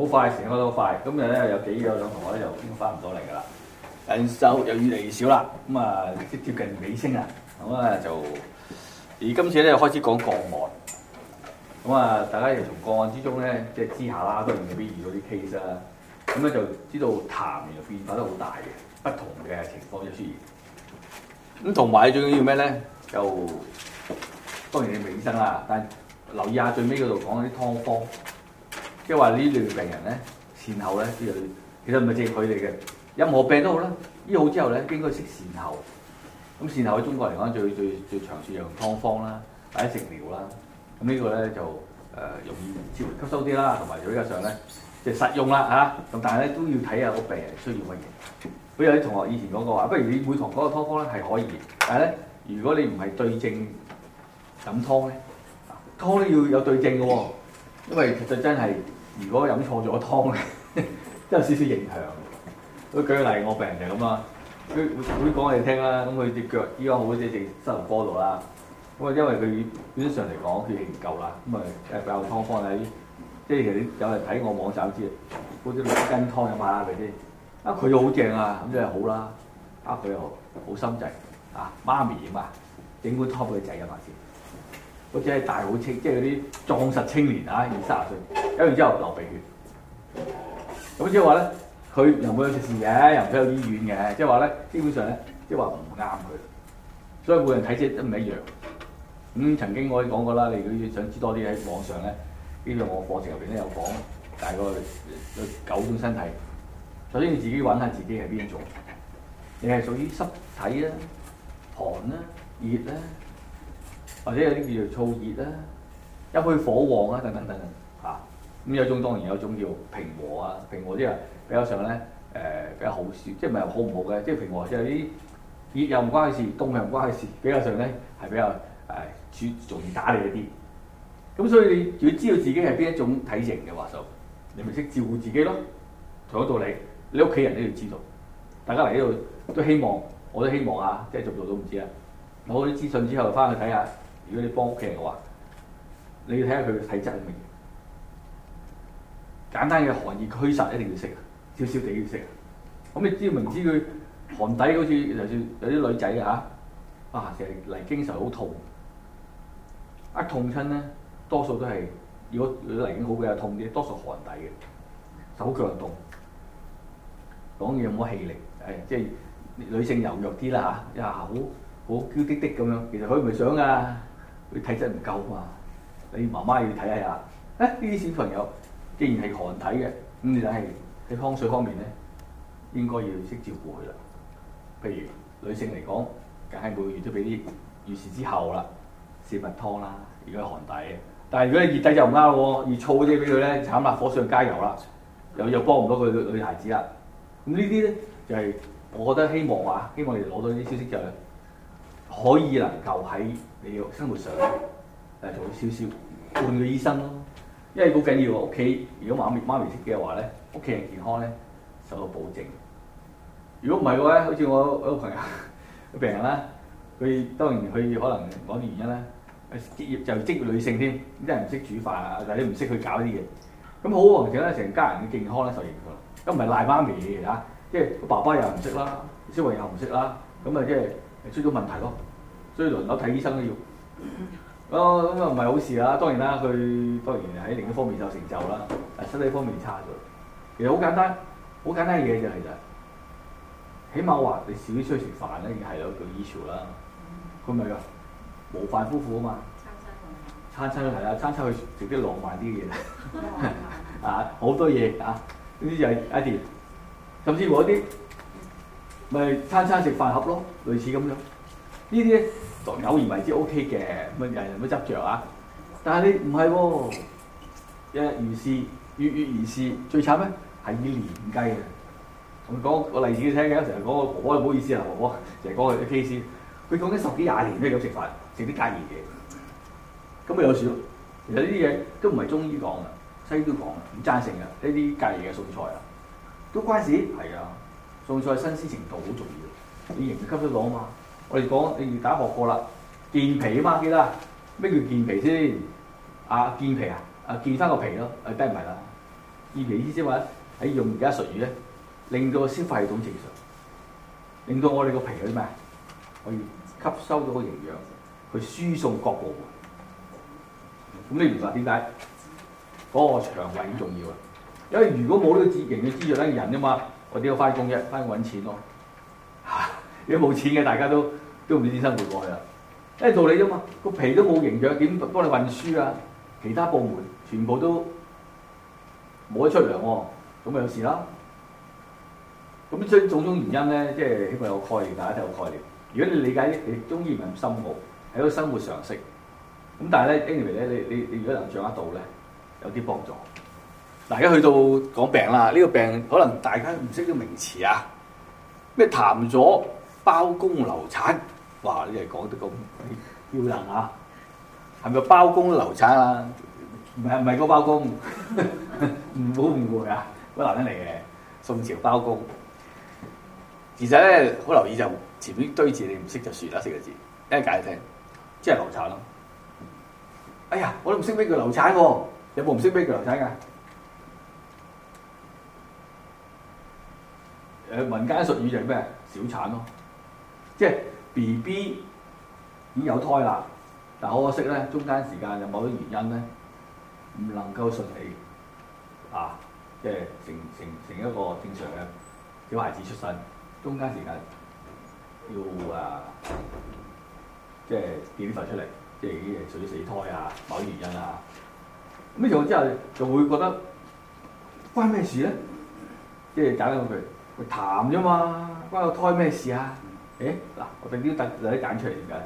好快，成個都好快。今日咧又有幾個同學咧又已經翻唔到嚟㗎啦。人手又越嚟越少啦，咁啊接近尾聲啊，咁啊就而今次咧開始講個案。咁啊，大家又從個案之中咧，即係知下啦，都未必遇到啲 case 啦。咁咧就知道痰原來變化得好大嘅，不同嘅情況又出現。咁同埋最重要咩咧？就當然係尾聲啦。但留意下最尾嗰度講嗰啲湯方。即係話呢類病人咧，善後咧呢類，其實唔係淨係佢哋嘅。任何病都好啦，醫好之後咧，應該識善後。咁善後喺中國嚟講，最最最長處用係湯方啦，或者食療啦。咁、這個、呢個咧就誒容易接吸收啲啦，同埋再加上咧就是、實用啦嚇。咁、啊、但係咧都要睇下個病人需要乜嘢。比如有啲同學以前講過話，不如你每堂講個湯方咧係可以，但係咧如果你唔係對症飲湯咧，湯都要有對症嘅喎。因為其實真係。如果飲錯咗湯咧，都有少少影響。舉舉個例，我病人就係咁啦。佢會講你哋聽啦。咁佢啲腳依家好啲，隻膝頭波度啦。咁啊，因為佢本質上嚟講血氣唔夠啦。咁啊，誒白湯放喺，即係其實有人睇我網站知啊，嗰啲六斤湯有埋啦嗰啲。啊，佢好正啊，咁真係好啦。啊，佢又好，好心仔。啊，媽咪吖嘛，整碗湯俾佢仔飲下先。或者係大好青，即係嗰啲壯實青年啊，二三十歲，飲完之後流鼻血。咁即係話咧，佢又冇有出事嘅，又唔使去醫院嘅。即係話咧，基本上咧，即係話唔啱佢。所以每人體質都唔一樣。咁、嗯、曾經我講過啦，你如果想知多啲喺網上咧，呢個我課程入邊都有講，大概有九種身體。首先你自己揾下自己係邊種，你係屬於濕體啦、寒啦、熱啦。或者有啲叫做燥熱啦，一開火旺啊等等等等嚇，咁、啊、有一種當然有一種叫平和啊，平和即係比較上咧誒、呃、比較好笑，即係唔係好唔好嘅？即係平和即係啲熱又唔關事，凍又唔關事，比較上咧係比較誒處容易打理一啲。咁所以你要知道自己係邊一種體型嘅話，就你咪識照顧自己咯。同一道理，你屋企人都要知道。大家嚟呢度都希望，我都希望啊，即係做唔做都唔知啊。攞啲資訊之後翻去睇下。如果你幫屋企人嘅話，你要睇下佢嘅體質係乜嘢。簡單嘅寒熱驅殺一定要識，少少地要識。咁你知明知佢寒底好，好似就算有啲女仔啊，啊成嚟經常好痛，一、啊、痛親咧多數都係，如果嚟經好嘅痛啲，多數寒底嘅，手腳又凍，講嘢又冇氣力，係、哎、即係女性柔弱啲啦嚇，一、啊、下、啊啊、好好嬌滴滴咁樣，其實佢唔係想㗎、啊。佢體質唔夠啊嘛，你媽媽要睇下下，誒呢啲小朋友既然係寒體嘅，咁你就係喺湯水方面咧，應該要識照顧佢啦。譬如女性嚟講，梗係每個月都俾啲月事之後啦，四物湯啦，而家寒底。但係如果你熱底就唔啱咯，熱燥啲俾佢咧，慘啦，火上加油啦，又又幫唔到佢女女孩子啦。咁呢啲咧就係、是、我覺得希望啊，希望你哋攞到呢啲消息就。後。可以能夠喺你嘅生活上誒做少少半個醫生咯，因為好緊要屋企。如果媽咪媽咪識嘅話咧，屋企人健康咧受到保證。如果唔係嘅話，好似我我個朋友嘅病人咧，佢當然佢可能講啲原因咧，職業就職業女性添，一唔識煮飯，但係你唔識去搞啲嘢。咁好喎，而且咧成家人嘅健康咧受影響，咁唔係賴媽咪嚇，即係個爸爸又唔識啦，小朋友又唔識啦，咁啊即係。出咗問題咯，所以輪流睇醫生都要，咁咁又唔係好事啦。當然啦，佢當然喺另一方面有成就啦，但身體方面差咗。其實好簡單，好簡單嘅嘢就其實，起碼話你少啲出去食飯咧，係咯，叫 issue 啦。佢咪話模範夫婦啊嘛，餐餐係啦，餐餐去食啲浪漫啲嘅嘢，啊好多嘢啊，呢啲就係一點，甚至乎一啲。咪餐餐食飯盒咯，類似咁樣。呢啲作偶然為之 O K 嘅，乜、OK、人人乜執着啊？但係你唔係喎，日日如是，月月如是，最慘咧係以年計嘅。我講個例子聽嘅，成日講個婆婆唔好意思啊，婆婆成日講佢啲 case，佢講緊十幾廿年都係咁食飯，食啲隔熱嘢。咁啊有事，其實呢啲嘢都唔係中醫講嘅，西醫都講唔贊成嘅呢啲隔熱嘅素菜啊，都關事係啊。種菜新鮮程度好重要，你營養吸收到嘛？我哋講你哋大家學過啦、啊，健脾啊嘛記得，咩叫健脾先？啊健脾啊，健啊健翻個脾咯，誒低唔係啦。健脾意思即係話，喺、啊、用而家術語咧，令到消化系統正常，令到我哋個脾去咩？可以吸收到營養，去輸送各部。咁你明白點解嗰個腸胃好重要啊？因為如果冇呢個自營嘅滋養咧，這個、人咋嘛？我點解翻工啫？翻去揾錢咯、啊！嚇、啊，如果冇錢嘅，大家都都唔知點生活過去啦。一係道理啫嘛，個皮都冇營養，點幫你運輸啊？其他部門全部都冇得出糧喎、啊，咁咪有事啦。咁所以種種原因咧，即係希望有概念，大家都有概念。如果你理解啲，你中醫唔係咁深奧，係個生活常識。咁但係咧，anyway 咧，你你你如果能掌握到咧，有啲幫助。大家去到講病啦，呢、這個病可能大家唔識啲名詞啊，咩談咗包公流產，嘩你講得咁要人啊？係咪 包公流產啊？唔係唔係個包公，唔好誤會啊，個男人嚟嘅，宋朝包公。其實咧好留意就是、前面堆字你唔識就算啦，四個字，一解聽，即係流產。哎呀，我都唔識咩叫流產喎、啊，有冇唔識咩叫流產㗎？民間術語就係咩？小產咯，即係 B B 已經有胎啦，但好可惜咧，中間時間有某啲原因咧，唔能夠順利啊，即係成成成一個正常嘅小孩子出生。中間時間要啊，即係檢查出嚟，即係已經係屬於死胎啊，某啲原因啊。咁呢種之後就會覺得關咩事咧？即係揀咗佢。痰啫嘛，關個胎咩事啊？誒、欸、嗱，我哋呢啲特有啲揀出嚟嘅，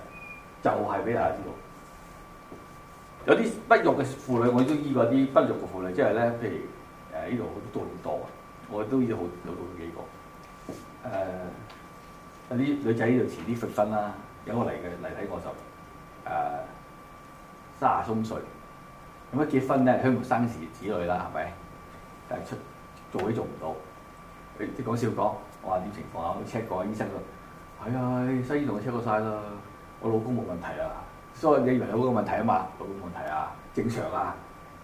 就係、是、俾大家知道。有啲不育嘅婦女，我都醫過啲不育嘅婦女，即係咧，譬如誒呢度都多唔多啊？我都醫好、呃、有幾個有啲女仔呢度遲啲結婚啦，有個嚟嘅嚟睇我就誒三廿鍾歲，咁啊結婚咧佢望生啲子女啦，係咪？但係出做都做唔到。誒，即講笑講，我話點情況啊？check 過啊，醫生啦，係、哎、啊，西醫同我 check 過晒啦，我老公冇問題啊，所以你以為有個問題啊嘛？冇問題啊，正常啊。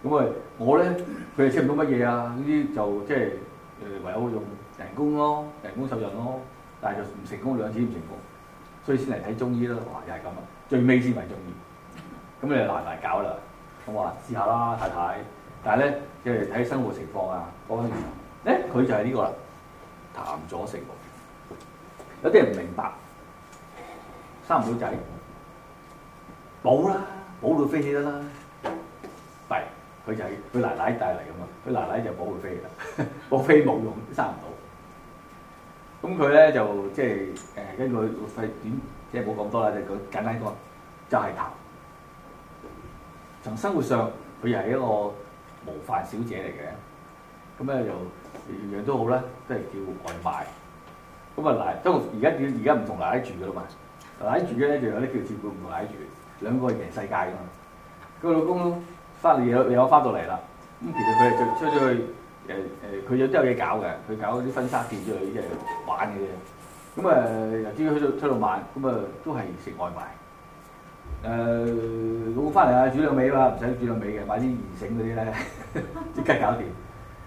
咁啊，我咧佢哋 check 唔到乜嘢啊？呢啲就即係誒，唯有用人工咯，人工受孕咯，但係就唔成功，兩次唔成功，所以先嚟睇中醫啦。哇，又係咁啊，最尾先嚟中醫，咁你難難搞啦。我話試下啦，太太，但係咧即係睇生活情況啊。講咧，佢就係呢個啦。談咗成個月，有啲人唔明白，生唔到仔，冇啦，冇到飛起得啦。弊，佢就係佢奶奶帶嚟噶嘛，佢奶奶就冇佢飛啦。我飛冇用，生唔到。咁佢咧就即係誒，根據肺點，即係冇咁多啦，即講簡單啲講，就係、呃呃就是就是、談。從生活上，佢又係一個模範小姐嚟嘅，咁咧又。樣樣都好啦，都係叫外賣。咁啊嗱，都而家而家唔同奶奶住噶啦嘛，奶奶住咧就有啲叫照顧唔同奶奶住，兩個係人世界咁嘛。 老公翻嚟又有翻到嚟啦，咁其實佢就出去誒誒，佢、呃、有都有嘢搞嘅，佢搞嗰啲婚紗店之類啲嘢玩嘅啫。咁啊由朝去到出到晚，咁啊都係食外賣。誒、呃，老公翻嚟啊煮兩味嘛，唔使煮兩味嘅，買啲現成嗰啲咧，即 刻搞掂。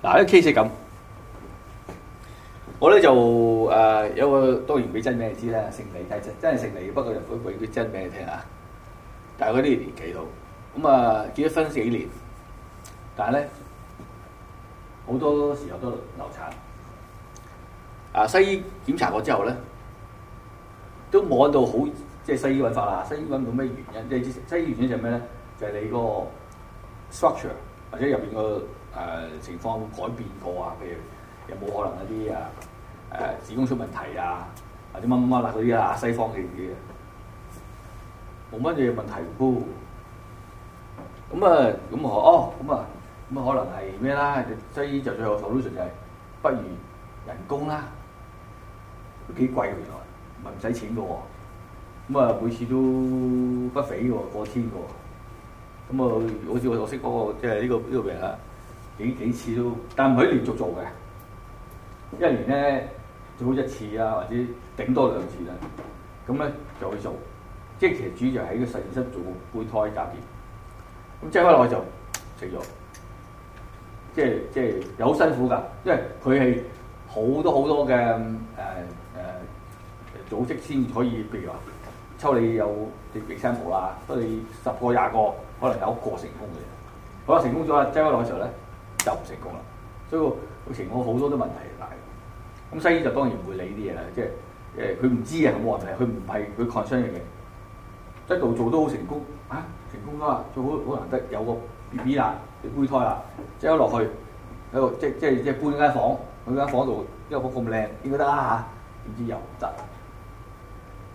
嗱，呢個 case 咁，我咧就誒有個當然俾真名你知啦，姓李，但係真係姓李，不過唔會唔會講真名你聽、嗯、啊。但係佢啲年紀老，咁啊結咗婚幾年，但係咧好多時候都流產。啊，西醫檢查過之後咧，都冇喺度好，即係西醫揾法啦，西醫揾到咩原因？即西醫，西醫原因就係咩咧？就係、是、你個 structure 或者入邊個。誒情況改變過啊！譬如有冇可能一啲啊，誒子宮出問題啊？或者乜乜乜啦啲啊？西方嘅嘢冇乜嘢問題嘅喎。咁啊咁我哦咁啊咁啊可能係咩啦？即係就最後 conclusion 就係不如人工啦。幾貴原來，唔係唔使錢嘅喎。咁啊每次都不菲嘅喎，過千嘅喎。咁啊好似我所識嗰個即係呢個呢個病啊。幾幾次都，但唔可以連續做嘅。一年咧，做好一次啊，或者頂多兩次啦。咁咧就去做，即係其實主要係喺個實驗室做胚胎雜件。咁擠開落去就食咗，即係即係又好辛苦㗎，因為佢係好多好多嘅誒誒組織先可以，譬如話抽你有啲胚胎啦，不過你十個廿個可能有一個成功嘅。好、嗯、啦，成功咗啦，擠開落去嘅時候咧。就唔成功啦，所以個情況好多都問題大咁，西醫就當然唔會理啲嘢啦，即係誒佢唔知啊，有冇問題？佢唔係佢抗生素嘅，一度做都好成功啊，成功啦，最好好難得有個 B B 啦，你胚胎啦，即刻落去喺個即係即係即係搬間房，佢間房度，因為我咁靚應該得啊嚇，點知又唔得？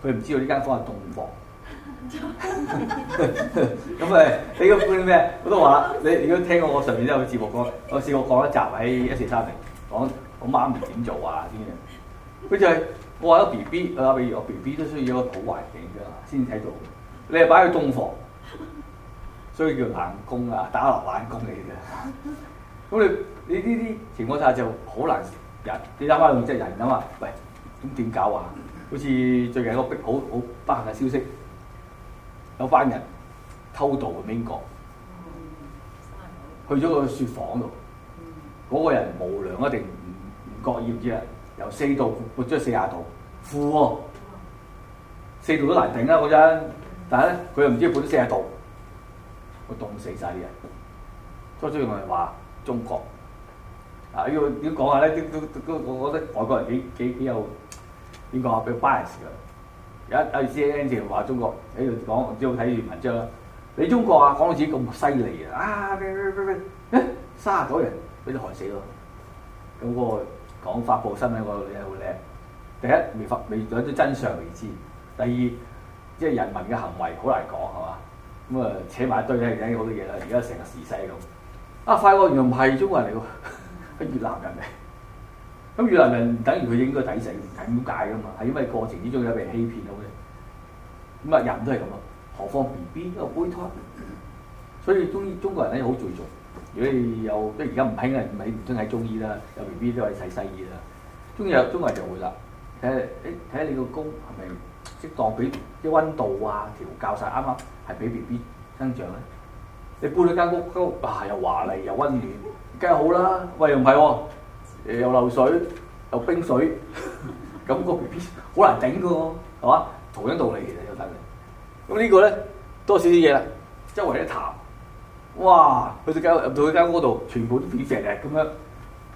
佢唔知道呢間房係洞房。咁 誒，你個觀咩？我都話啦，你如果聽我我上面都有個節目講，我試過講一集喺一四三零講我媽媽、啊知知我寶寶，我媽咪點做啊啲嘢。佢就係我話咗 B B，打比如我 B B 都需要一個好環境啫，先睇到。你係擺喺東房，所以叫冷宮啊，打落冷宮嚟嘅。咁你你呢啲情況下就好難人，你打返用即係人啊嘛，喂，咁點搞啊？好似最近一個好好不幸嘅消息。有班人偷渡英國去邊個？去咗個雪房度，嗰個人無良一定唔唔覺意唔知啦。由四度換咗四十度，負喎，四度都難頂啦嗰陣。但係咧，佢又唔知換咗四十度，我凍死晒啲人。再中我哋話中國啊！呢個點講下咧？都都，我覺得外國人幾幾幾有點講比較 bias 㗎？有一 A C N TV 話中國喺度講，我只好睇完文章。你中國啊講到自己咁犀利啊！啊，咩咩咩咩，三十多人俾你害死咯。咁我講發佈新聞個女好叻。第一未發未咗啲真相未知。第二即係、就是、人民嘅行為好難講係嘛？咁啊、呃、扯埋一堆係講好多嘢啦。而家成個時勢咁。啊，快樂原來唔係中國人嚟喎，係 越南人嚟。咁越南人唔等於佢應該抵死唔解噶嘛？係因為過程之中有俾人欺騙咁嘅。咁啊人都係咁啊，何況 B B 都胚胎。所以中醫中國人咧好注重，如果你有即係而家唔興啊，唔喺唔興喺中醫啦，有 B B 都可以睇西醫啦。中醫有中國人就會啦，睇下誒睇下你個宮，係咪適當俾啲温度啊調校，晒啱啱係俾 B B 增長咧。你搬咗間屋都啊又華麗又温暖，梗係好啦。喂又唔係喎。又流水又冰水，咁個 B B 好難頂嘅喎，係嘛？同樣道理其實有道理。咁呢個咧多少啲嘢啦，周圍一潭，哇！去到間入到去間屋度，全部都扁石嘅咁樣，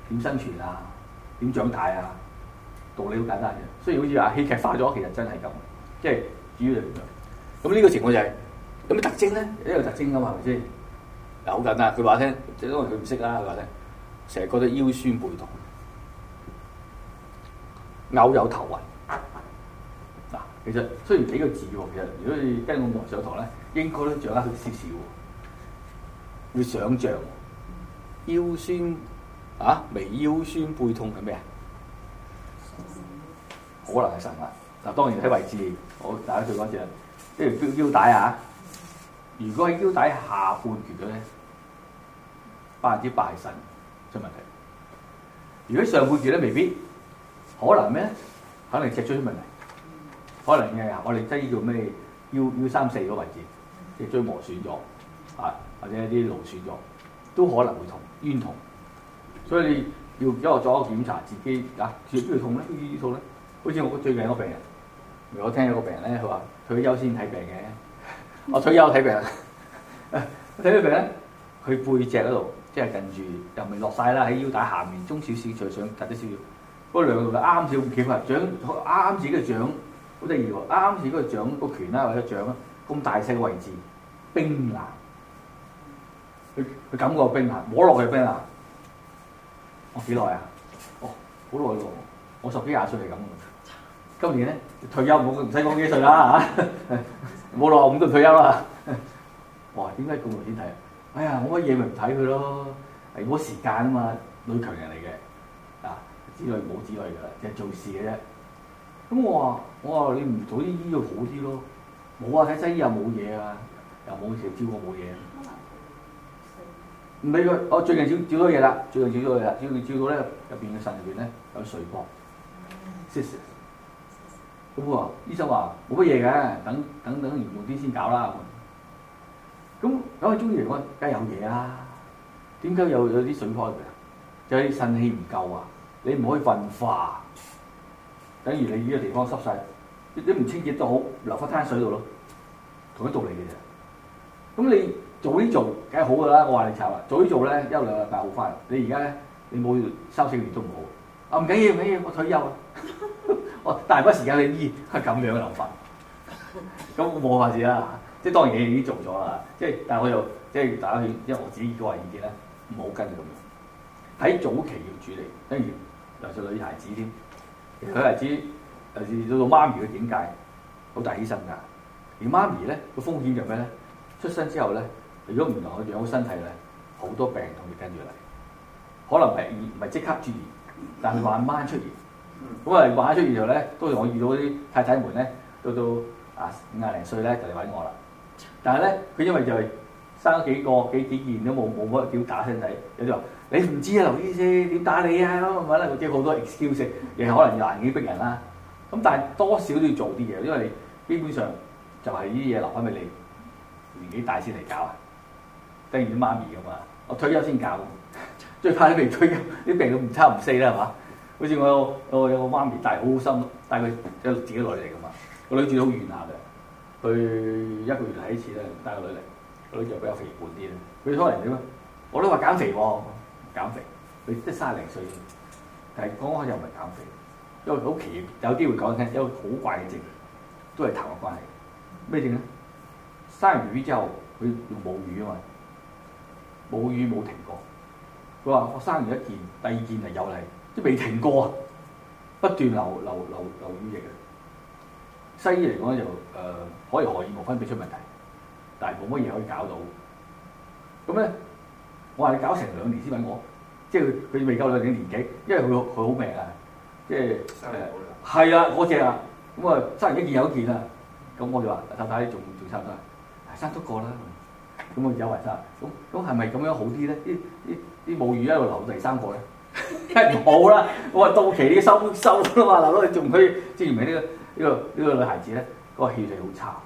點生存啊？點長大啊？道理好簡單嘅，雖然好似話戲劇化咗，其實真係咁，即係主要嚟講。咁呢個情況就係、是、有咩特徵咧，都有個特徵嘅嘛，係咪先？嗱，好簡單，佢話聽，因為佢唔識啦，佢話聽。成日覺得腰酸背痛，偶有頭暈嗱。其實雖然幾個字喎，其實如果你跟我上堂咧，應該都掌握少少，會想像腰酸啊，微腰酸背痛係咩啊？可能係腎啊。嗱，當然喺位置，我、嗯、好大家再講次，即係譬如腰腰帶啊，如果喺腰帶下半段嘅咧，百分之百係腎。出問題。如果上半月咧，未必，可能咩？肯定脊椎出問題，可能嘅。我哋真係叫咩？要要三四個位置，脊椎磨損咗啊，或者啲勞損咗，都可能會痛，冤痛。所以你要咗做一個檢查自己啊，點解會痛咧？痛呢套咧，好似我最近病個病人，如我聽有個病人咧，佢話佢退休先睇病嘅，我退休睇病，睇 咗、啊、病咧？佢背脊嗰度。即係近住又未落晒啦，喺腰帶下面，中小小再上揼啲少肉，嗰兩度就啱少咁鉗啊，掌啱自己嘅掌好得意喎，啱自己嘅掌個拳啦或者掌啊，咁大隻嘅位置，冰冷，佢佢感覺冰冷，摸落去冰冷。我幾耐啊？哦，好耐咯，我十幾廿歲嚟咁。今年咧退休冇，唔使講幾歲啦嚇，冇落紅都退休啦。哇！點解咁耐先睇？啊？哎呀，冇乜嘢咪唔睇佢咯，係冇時間啊嘛，女強人嚟嘅，嗱，子女冇子女噶啦，就係做事嘅啫。咁我話，我話你唔做啲醫藥好啲咯。冇啊，睇西醫又冇嘢啊，又冇事，照過冇嘢。唔理佢，我最近照照，照，照，照，照，照咗嘢啦，最近照咗嘢啦，照照到咧入邊嘅腎入邊咧有水礦、嗯。醫生話、啊：，醫生話冇乜嘢嘅，等等等完嗰啲先搞啦。咁咁，我中醫嚟講，梗係有嘢啊！點解有有啲水泡嘅？就係啲腎氣唔夠啊！你唔可以運化，等於你呢個地方濕晒，你唔清潔都好，留翻灘水度咯，同一道理嘅啫。咁你做呢做，梗係好噶啦！我話你拆啦，早做呢做咧，一兩日就好翻。你而家咧，你冇三四年都唔好。啊唔緊要唔緊要，我退休。 我大把時間你醫，係咁樣流法。咁 我冇法事啦。即係當然，你已經做咗啦。即係，但係我又即係打家去，因為我自己個人意見咧，唔好跟住咁樣。喺早期要處理，跟住尤其是女孩子添，女孩子尤其是到媽咪嘅境界，好大犧牲㗎。而媽咪咧個風險就咩咧？出生之後咧，如果唔同佢養好身體咧，好多病痛要跟住嚟。可能唔係唔係即刻出現，但係慢慢出現。咁啊，慢慢出現之後咧，當時我遇到啲太太們咧，到到啊五廿零歲咧就嚟揾我啦。但係咧，佢因為就係生咗幾個幾幾年都冇冇乜點打身體，有啲話你唔知啊，劉醫師點打你啊咁，揾佢叫好多 Excuse，亦可能要環境逼人啦。咁但係多少都要做啲嘢，因為你基本上就係呢啲嘢留翻俾你年紀大先嚟搞啊，等住媽咪㗎嘛。我退休先搞，最怕你未退休，啲病都唔差唔細啦係嘛。好似我有，有個媽咪帶，好好心帶佢即自己內嚟㗎嘛，個女住好遠下嘅。佢一個月睇一次咧，帶個女嚟，個女就比較肥胖啲咧。佢可能點樣？我都話減肥喎、啊，減肥。佢即係三零歲，但係講開又唔係減肥，因為佢屋企有機會講聽，有好怪嘅症，都係痰嘅關係。咩症咧？生完魚之後，佢冇魚啊嘛，冇魚冇停過。佢話：我生完一件，第二件係有嚟，即未停過，不斷流流流流乳液啊！西醫嚟講咧就誒可以荷爾蒙分泌出問題，但係冇乜嘢可以搞到。咁咧，我話你搞成兩年先揾我，即係佢未夠兩年年紀，因為佢佢好命啊，即、就、係、是、生唔到啦。係啊，只啊，咁啊生完一件有一件啊，咁我就話太太，仲仲差唔多，生足過啦，咁我而家維生，咁咁係咪咁樣好啲咧？啲啲啲母乳一路留第三個咧，呢 好啦，我話到期你收收啦嘛，留到仲可以即係唔係呢個。呢個呢個女孩子咧，個氣力好差，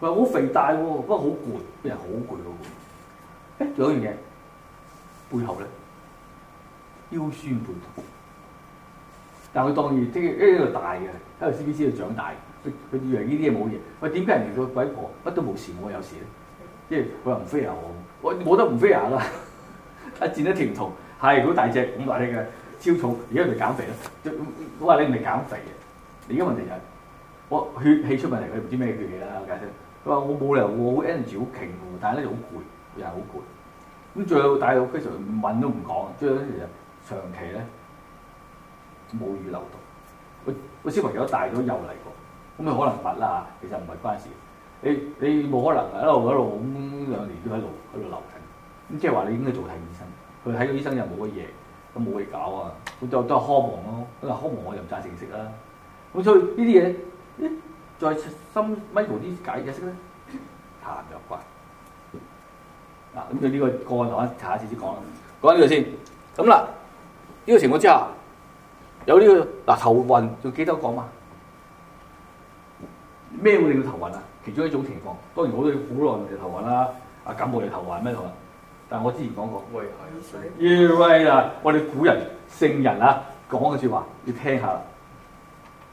佢話好肥大喎，不過好攰，啲人好攰喎。誒，仲有一樣嘢，背後咧腰酸背痛，但佢當然即係喺度大嘅，喺度 C B C 度長大，佢以為呢啲嘢冇嘢。喂，點解人哋個鬼婆乜都冇事、啊，我有事咧？即係佢話唔飛牙喎，我冇得唔飛牙啦，一剪一停蟲，係好大隻。咁話你嘅超重，而家咪減肥咧，我話你唔係減肥嘅。而家問題就係我血氣出問題，佢唔知咩血氣啦。解釋佢話我冇理由，我好 energy 好勁喎，但係咧好攰，又係好攰。咁最後大到非常問都唔講，最緊要就長期咧冇血流動。我我小朋友大咗又嚟過，咁咪可能發啦。其實唔係關事，你你冇可能一路一路咁兩年都喺度喺度流緊。咁即係話你應該做睇醫生，佢睇到醫生又冇乜嘢，咁冇嘢搞啊，咁就都係康望咯。因為康望我又唔贊成食啦。咁所以呢啲嘢，再深 micro 啲解解釋咧，痰有怪，嗱、啊，咁對呢個肝，我喺下一次先講啦。講呢個先。咁啦，呢個情況之下，有呢、這個嗱、啊、頭暈記，仲記得講嘛？咩會令到頭暈啊？其中一種情況，當然好多古人嚟頭暈啦，啊感冒嚟頭暈咩頭暈？但係我之前講過，喂係水。喂 're、right. 啊！我哋古人聖人啦講嘅説話，要聽下。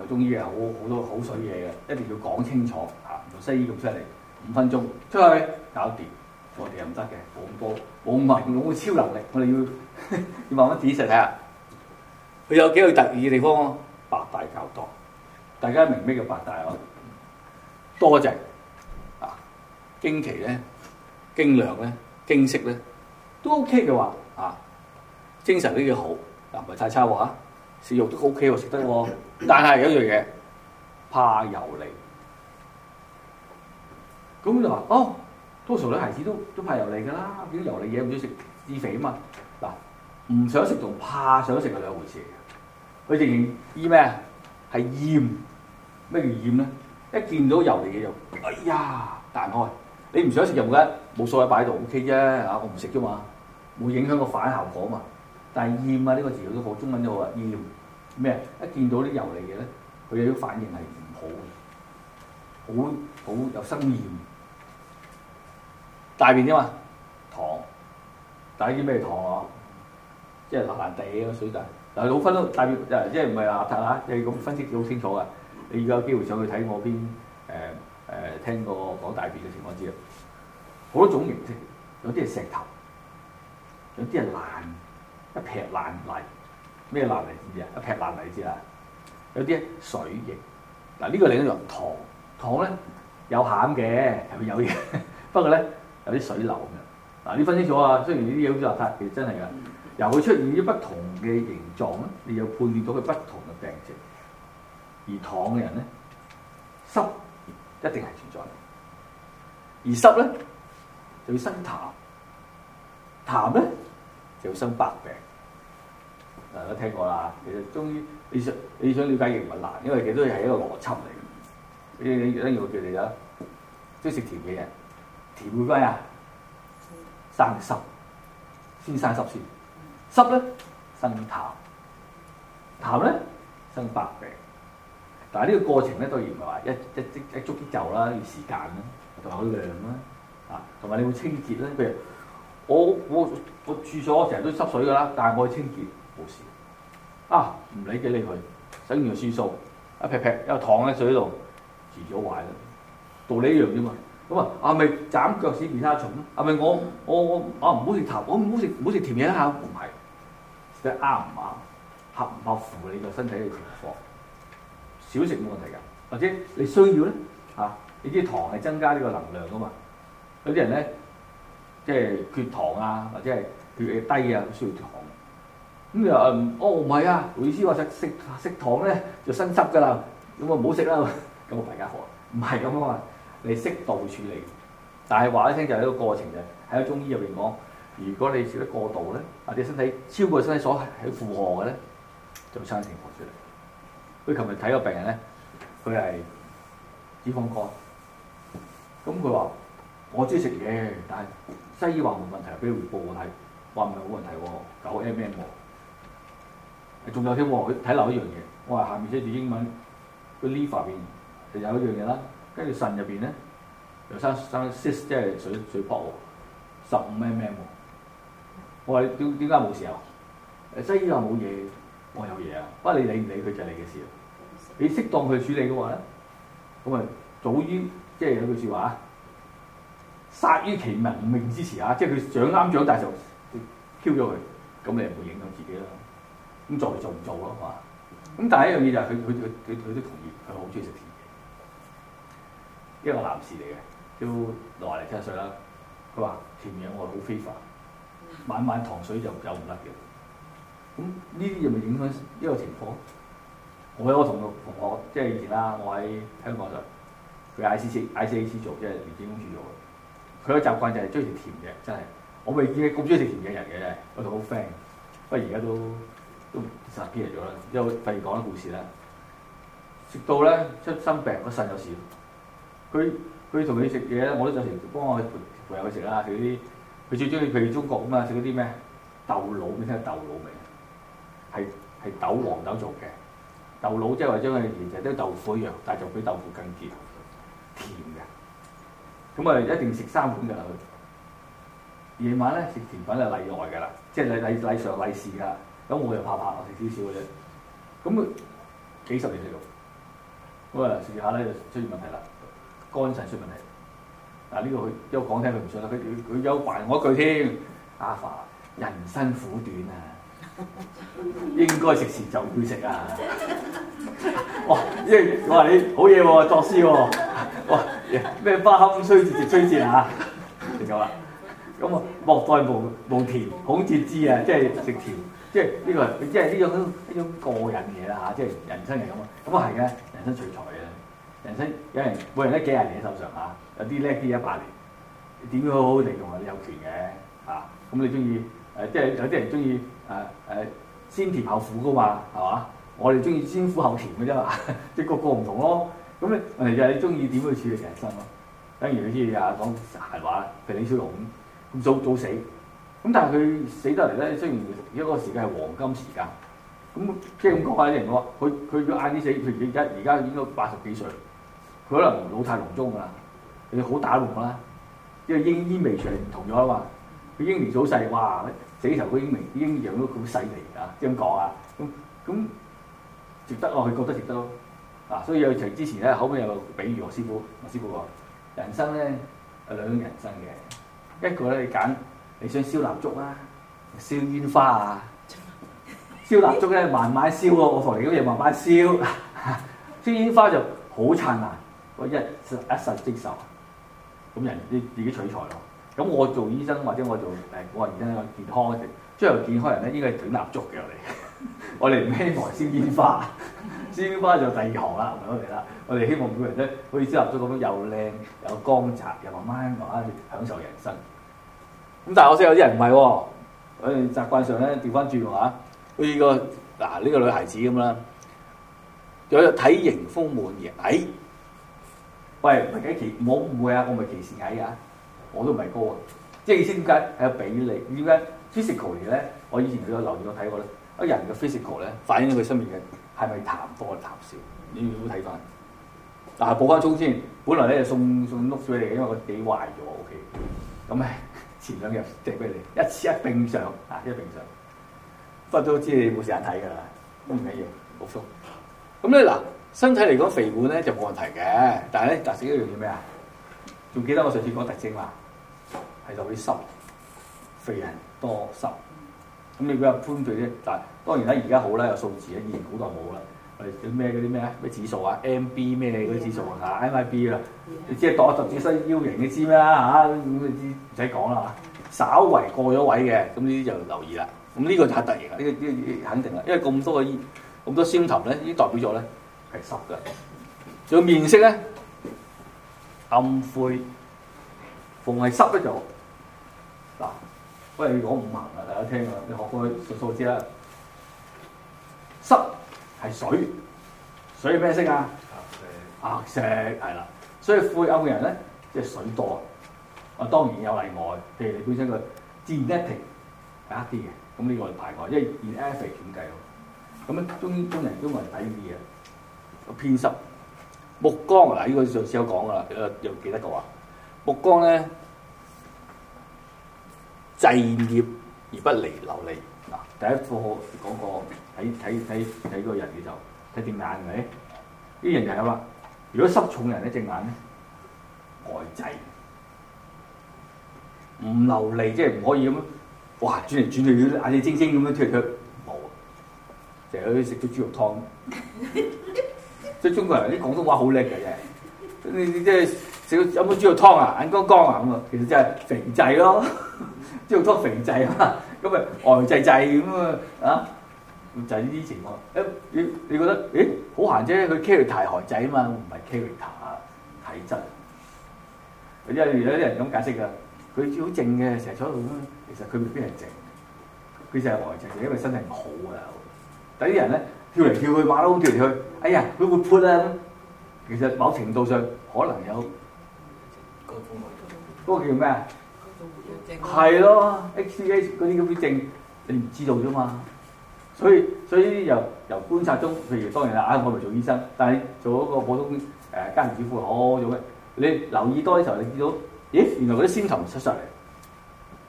有中醫啊，好好多口水嘢嘅，一定要講清楚嚇。唔同西醫咁犀利，五分鐘出去搞掂，我哋又唔得嘅，冇咁多，冇咁文，冇咁超能力。我哋要 要慢慢仔細睇下，佢、啊、有幾個特異嘅地方八大教堂。大家明咩叫八大喎？多謝啊，經期咧，經量咧，經色咧，都 OK 嘅話啊，精神啲嘅好，嗱、啊，唔係太差喎、啊、食肉都 OK 喎、啊，食得喎。啊。但係有一樣嘢怕油膩，咁就話哦，多數女孩子都都怕油膩㗎啦，少油膩嘢唔中意食，痴肥啊嘛。嗱，唔想食同怕想食係兩回事，佢仍然厭咩？係厭，咩叫厭咧？一見到油膩嘢就哎呀，彈開。你唔想食又唔得，冇所謂擺度 OK 啫嚇，我唔食啫嘛，會影響個反效果嘛。但係厭啊呢個字我都學中文都話厭。咩？一見到啲油膩嘅咧，佢有啲反應係唔好嘅，好好有生厭。大便啫嘛，糖，大家知咩係糖咯、啊？即係爛爛地嗰水質。嗱，老分都大即係唔係邋遢咁分析好清楚嘅。你而家有機會上去睇我邊誒誒、呃、聽過講大便嘅情況之啦。好多種形式，有啲係石頭，有啲係爛一劈爛泥。咩爛荔枝啊？一劈爛荔枝啦，有啲水型嗱，呢個另一樣糖糖咧有餡嘅，入邊有嘢，不過咧有啲水流嘅嗱，你分清楚啊！雖然呢啲嘢好似邋遢，其實真係噶。由佢出現啲不同嘅形狀，你要判斷到佢不同嘅病情。而糖嘅人咧，濕一定係存在，而濕咧就要生痰，痰咧就要生百病。大家都聽過啦，其實終於你想你想了解亦唔難，因為佢都係一個邏輯嚟。你你例如我叫你啊，中意食甜嘅嘢，甜會咩啊？生濕，先生濕先，濕咧生痰，痰咧生百病。但係呢個過程咧當然唔係話一一即一蹴而就啦，要時間啦，同埋好量啦，啊，同埋你會清潔咧。譬如我我我，我住所成日都濕水㗎啦，但係我會清潔冇事啊！唔理幾理佢，整完就算數，一劈劈又躺喺水度，遲早壞啦。道理一樣啫嘛。咁啊，係咪斬腳趾變沙蟲啦。係、啊、咪我我我啊唔好食糖，我唔好食唔好食甜嘢啊。唔係，真啱唔啱合唔合乎你個身體嘅情況？少食冇問題㗎，或者你需要咧嚇、啊？你啲糖係增加呢個能量㗎嘛？有、啊、啲人咧即係血糖啊，或者係血液低啊，需要糖。咁唔，嗯，哦唔係啊，老師話食食食糖咧就生濕㗎啦，咁啊唔好食啦。咁我大家好，唔係咁啊嘛，你適度處理。但係話一聲就係一個過程嘅，喺中醫入邊講，如果你食得過度咧，或者身體超過身體所係負荷嘅咧，就會產生平衡出嚟。佢琴日睇個病人咧，佢係脂肪肝，咁佢話我中意食嘢，但係西醫話冇問題，俾報告我睇，話唔係冇問題喎，九 M M 喎。仲有添喎，佢睇漏一樣嘢。我話下面寫住英文，個 liver 入邊就有一樣嘢啦。跟住腎入邊咧又生生，生，生，生即係水水泡十五咩咩。我話點點解冇事啊？西醫又冇嘢，我有嘢啊。不過你理唔理佢就係你嘅事。你適當去處理嘅話咧，咁啊早於即係有句説話啊，殺於其未命之時啊，即係佢長啱長大就 Q 咗佢，咁你唔會影響自己啦。咁做咪做唔做咯？嘛、嗯？咁但係一樣嘢就係佢，佢，佢，佢，佢都同意。佢好中意食甜嘢，一個男士嚟嘅，都六廿嚟七十歲啦。佢話甜嘢我係好非凡，晚晚糖水就走唔甩嘅。咁呢啲嘢咪影響一個情況。我有個同學即係以前啦，我喺香港就佢 I C I C A C 做，即係廉政公署做。佢嘅習慣就係中意食甜嘅，真係我未見咁中意食甜嘅人嘅真係，我同好 friend，不過而家都。都成日咗啦，之後例如講啲故事啦。食到咧出生病個腎有事，佢佢同你食嘢咧，我都幫我去陪陪佢食啦，食啲佢最中意譬如中國咁啊，食嗰啲咩豆腦，你聽豆腦味，係係豆黃豆做嘅，豆腦即係話將佢連成都豆腐一樣，但係就比豆腐更甜，甜嘅，咁啊一定食三碗㗎佢，夜晚咧食甜品就例外㗎啦，即係禮禮禮尚禮事㗎。咁我又怕怕，食少少嘅啫。咁幾十年嚟到，我話試下咧就出現問題啦，肝腎出問題。嗱呢、啊呢個佢休講聽佢唔信啦，佢佢休扮我一句添。阿、啊、華，人生苦短啊，應該食時就唔要食啊。哇！即係我話你好嘢喎、啊，作詩喎、啊。哇！咩花堪吹折吹折嚇、啊，成句啦。咁莫待無無田空折枝啊，即係食田。即係呢個，即係呢種呢種個人嘢啦吓，即係人生係咁啊，咁啊係嘅，人生取材嘅，人生有人每人一幾廿年喺手上嚇、啊，有啲叻啲一百年，點樣好好利用啊！你有權嘅吓，咁、啊、你中意誒，即係有啲人中意誒誒先甜後苦噶嘛，係嘛？我哋中意先苦後甜嘅啫嘛，啊、 即係個個唔同咯。咁你問題就係你中意點去處理人生咯。等如、啊、你啲啊講閒話，譬如李小龍咁早早死。咁但係佢死得嚟咧，雖然一個時間係黃金時間，咁即係咁講啊啲人話，佢佢要嗌啲死，佢而家而家已經到八十幾歲，佢可能老態龍鍾㗎啦，你好打攏啦，因為英嬰未長唔同咗啊嘛，佢英年早逝，哇死時候佢英明，已經養咗佢好細㗎，即係咁講啊，咁咁值得咯，佢覺得值得咯，啊，啊，所以有時之前咧，後尾有個比喻我師傅，我師傅話人生咧係兩種人生嘅，一個咧你揀。你想燒蠟燭啦、啊，燒煙花啊，燒蠟燭咧慢慢燒喎，我同你啲嘢慢慢燒呵呵，燒煙花就好燦爛，我一一瞬即逝。咁人哋自己取材咯。咁我做醫生或者我做誒，我話醫生健康，追求健康人咧，應該係短蠟燭嘅我哋，我哋唔希望係燒煙花呵呵，燒煙花就第二行啦，唔係我哋啦。我哋希望每人咧可以燒蠟燭咁樣又靚又光澤，又慢慢啊享受人生。咁但係我識有啲人唔係喎，喺習慣上咧調翻轉嚇，好似個嗱呢個女孩子咁啦，有隻體型豐滿而矮，哎。喂，唔係幾奇，唔好誤會啊，我唔係歧視矮啊，我都唔係高啊。即係意思點解？係有比例點解？Physical 嚟咧，我以前都有留意過睇過咧，一個人嘅 physical 咧反映咗佢身面嘅係咪痰多定痰少？你會唔會睇翻？嗱、啊，補翻充先，本來咧送送碌水嚟嘅，因為個地壞咗，O K。咁、okay，前兩日值俾你，一次一並上，啊一並上，不過都知你冇時間睇㗎啦，都唔緊要，冇錯。咁咧嗱，身體嚟講肥胖咧就冇問題嘅，但係咧特色一樣嘢咩啊？仲記得我上次講特徵嘛？係就會濕，肥人多濕。咁你比較潘肥啫，但係當然啦，而家好啦，有數字啦，以前好多冇啦。誒叫咩嗰啲咩咧？咩指數啊？M B 咩嗰啲指數啊？I M I B 啊！麼你即係度一集指數腰型，你知咩啦嚇？咁、嗯、你知唔使講啦嚇。稍為過咗位嘅，咁呢啲就留意啦。咁呢個就突然型，呢個呢肯定啦。因為咁多嘅咁多先頭咧，呢代表咗咧係濕嘅。仲有面色咧暗灰，逢係濕咧就嗱，我係講五行啊！大家聽啊，你學過數數字啊？濕。係水，水咩色啊？黑色係啦，所以富鈎嘅人咧，即係水多啊。我當然有例外，譬如你本身個 genetic 係黑啲嘅，咁呢個排外，因為 genetic 點計喎。咁樣中中人中人睇嘢，嘅，偏濕目光嗱，呢、這個上次有講噶啦，有記得個話，目光咧，濟業而不離流利。第一課講看看看看看看個睇睇睇睇嗰人，你就睇隻眼係咪？啲人就係話：如果濕重人一隻眼咧，呆滯，唔流利，即係唔可以咁樣。哇！轉嚟轉去，眼睛精精咁樣脱冇，毛，就去食咗豬肉湯。即係 中國人啲廣東話好叻嘅，啫，你你即係食飲咗豬肉湯啊，眼光光啊咁啊，其實真係肥仔咯，豬肉湯肥仔啊！哈哈咁咪呆滯滯咁啊啊！就係呢啲情況。誒，你你覺得，誒，好閒啫，佢 carry 大寒仔啊嘛，唔係 carry 大體質。因為有啲人咁解釋㗎，佢好靜嘅，成日坐喺度咁，其實佢未必係非常靜。佢就係呆滯，係因為身體唔好啊。但啲人咧，跳嚟跳去，馬騮跳嚟跳去，哎呀，佢活潑啦咁。其實某程度上可能有嗰、嗰個叫咩啊？係咯，X 光嗰啲咁嘅證你唔知道啫嘛，所以所以由由觀察中，譬如當然啦，我咪做醫生，但係做一個普通誒、呃、家庭主婦，好、哦、做咩？你留意多嘅時候，你見到咦，原來嗰啲蟎蟲出曬嚟，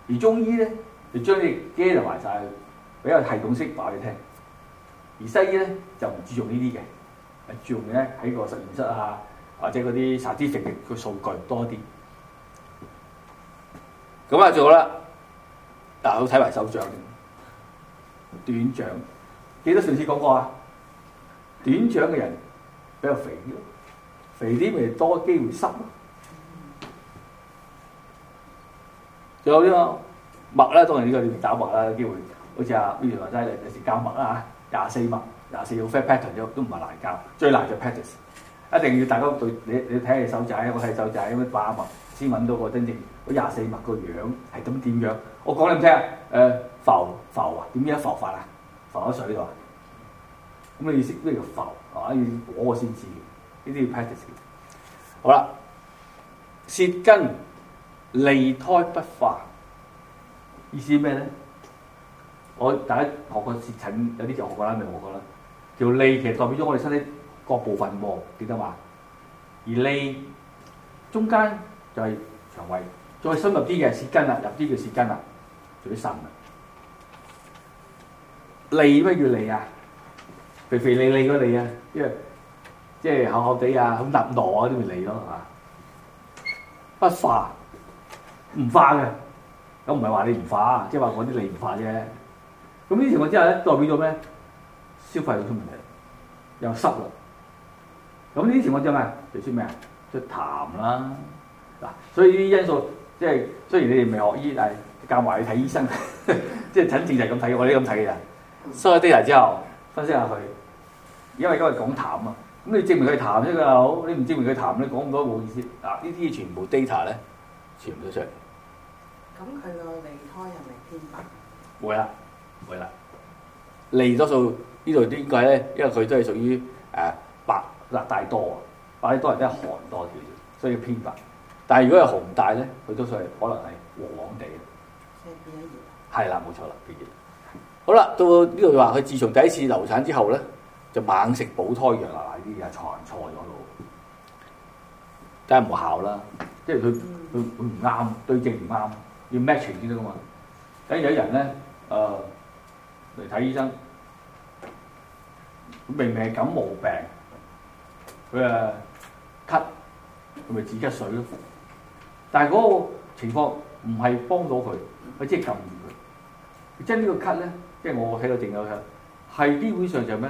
而中醫咧就將你嘅嘢就埋晒，去，比較系統式話你聽，而西醫咧就唔注重呢啲嘅，注重咧喺個實驗室啊或者嗰啲 statistic 嘅數據多啲。咁啊，做好啦！大佬睇埋手掌，短掌記得上次講過啊？短掌嘅人比較肥啲，肥啲咪多機會濕咯。有啲墨咧，當然呢個要打墨啦，機會。好似阿 Bryan 話齋，有時教墨啦嚇，廿四墨，廿四個 fast pattern 都唔係難教，最難就 pattern。一定要大家對你你睇下手仔，我睇手仔咁樣打墨。先揾到個真正個廿四物個樣係點點樣？我講你唔聽？誒、呃、浮浮啊？點樣浮法啊？浮喺水度啊？咁你意思咩叫浮？係、啊、要攞我先知呢啲要 practice。好啦，舌根脷胎不化，意思咩咧？我大家學過舌診，有啲就學過啦，未學過啦。叫脷其實代表咗我哋身體各部分喎，記得嘛？而脷中間。再腸胃，再深入啲嘅舌根啦，入啲嘅舌根啦，仲有腎啊，脷乜叫脷啊？肥肥膩膩嗰脷啊，即係即係厚厚地、嗯、啊，好腍糯嗰啲咪脷咯嚇，不化唔化嘅，咁唔係話你唔化，即係話嗰啲你唔化啫。咁呢啲情況之下咧，代表咗咩？消化好啲問題，又濕啦。咁呢啲情況之下，咪就算咩啊？出痰啦。嗱，所以呢啲因素即係雖然你哋未學醫，但係教埋你睇醫生，即係診治就係咁睇嘅，我哋咁睇嘅人，收咗 data 之後分析下佢，因為今日講痰啊，咁你證明佢痰先㗎好，你唔證明佢痰，你講咁多冇意思。嗱，呢啲全部 data 咧，全部都出嚟。咁佢個脷苔又未偏白？唔會啦，唔會啦。脷多數呢度點解咧？因為佢都係屬於誒、啊、白、辣大多啊，或者多人咧寒多啲，所以偏白。但係如果係紅大咧，佢都算係可能係黃黃地。係變啦，冇錯啦，好啦，到呢度話佢自從第一次流產之後咧，就猛食補胎藥。嗱，呢啲嘢，藏錯咗咯，真係無效啦。嗯、即係佢佢佢唔啱，對症唔啱，要 matching 先得噶嘛。等有啲人咧，誒嚟睇醫生，明明係感冒病，佢啊，咳，佢咪止咳水咯。但係嗰個情況唔係幫到佢，佢即係撳住佢。即係呢個咳咧，即係我喺度靜候，係基本上就咩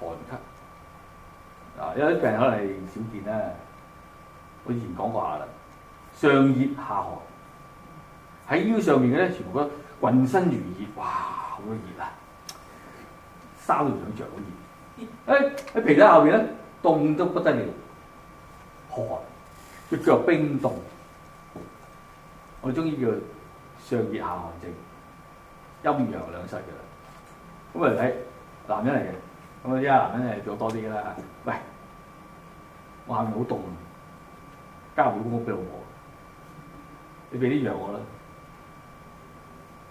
寒咳啊！有啲病人可能係少見咧。我以前講過下啦，上熱下寒喺腰上面嘅咧，全部都覺得渾身如熱，哇！好熱啊，三度兩着好熱。誒、欸、喺皮底下邊咧，凍都不得了，寒，隻腳冰凍。我中意叫上熱下寒症，陰陽兩失嘅啦。咁嚟睇，男人嚟嘅，咁啊依家男人咧做多啲嘅啦。喂，我下面好凍，交換公屋俾我。你俾啲藥我啦。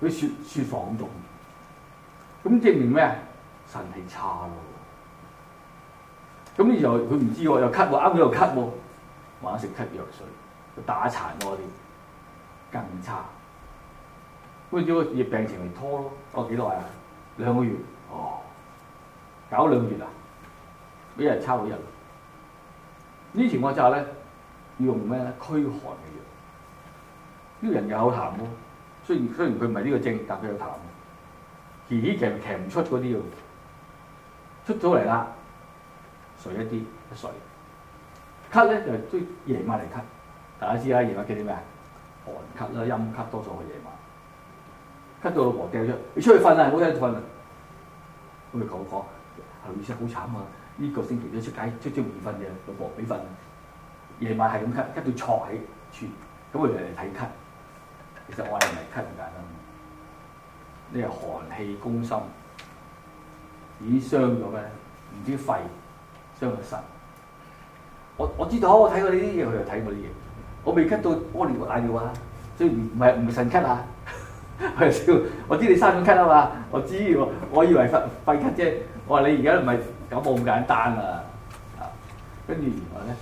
佢雪雪房凍，咁證明咩？神氣差咯。咁呢時佢唔知喎，又咳喎，啱佢又咳喎，猛食咳藥水，打殘我哋。更差，咁啊叫佢以病情嚟拖咯，拖幾耐啊？兩個月，哦，搞兩個月啊，俾人抄到一輪。之呢啲情況下咧，要用咩驅寒嘅藥？呢、這個人又好痰喎，雖然雖然佢唔係呢個症，但佢有痰。嘅，其其其實唔出嗰啲喎，出咗嚟啦，水一啲，一水。咳咧就最、係、夜晚嚟咳，大家知啦，夜晚叫啲咩啊？寒咳啦，陰咳多數係夜晚咳到老婆掟咗，你出去瞓啦，冇嘢瞓啦。咁佢講講，係醫生好慘啊！呢個星期都出街，出張唔瞓嘅，老婆俾瞓。夜晚係咁咳，咳到坐喺起，咁佢嚟睇咳。其實我哋唔係咳唔緊要，你係寒氣攻心，已經傷咗咩？唔知肺傷咗腎。我我知道，我睇過呢啲嘢，佢又睇過啲嘢。我未咳到屙尿大尿啊，所以唔唔係唔腎咳啊，係笑我。我知你生種咳啊嘛，我知喎。我以為肺肺咳啫，我話你而家唔係感冒咁簡單啊，啊，跟住原來咧，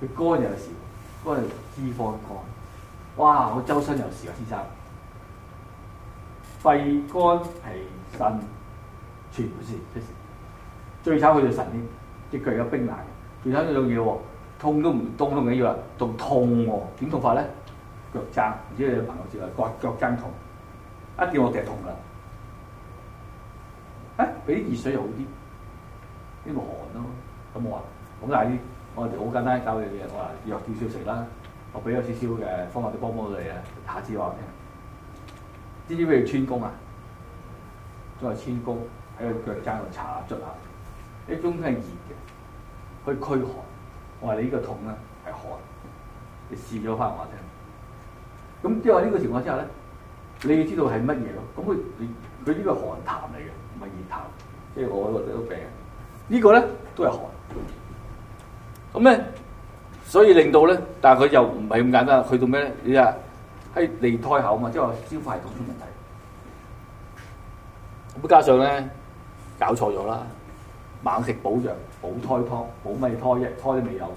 佢肝有事，肝係脂肪肝，哇！我周身有事啊，先生，肺肝脾腎全部事，最慘佢就腎添，隻腳有冰冷，最慘嗰種嘢喎。痛都唔痛都唔緊要啦，仲痛喎？點痛法咧？腳踭，唔知你有朋友知唔知啊？腳腳踭痛，啊、一跌我踢痛噶。哎、啊，俾啲熱水又好啲，呢個寒咯。咁我話好大啲，我哋好簡單教你嘅，我話藥少、啊、少少食啦。我俾咗少少嘅方法，都幫幫你嘅。下次話我聽。知唔知咩叫穿弓啊？都係穿弓喺個腳踭度搽捽下，呢種係熱嘅，可以驅寒。我話你呢個痛咧係寒，你試咗翻我聽。咁即係話呢個情況之下咧，你要知道係乜嘢咯？咁佢佢呢個寒痰嚟嘅，唔係熱痰。即係我呢個得咗病，這個、呢個咧都係寒。咁咧，所以令到咧，但係佢又唔係咁簡單。去到咩咧？你啊喺離胎口啊嘛，即係話消化系統出問題。咁加上咧搞錯咗啦，猛食補藥。保胎湯，保咩胎啫？胎都未有，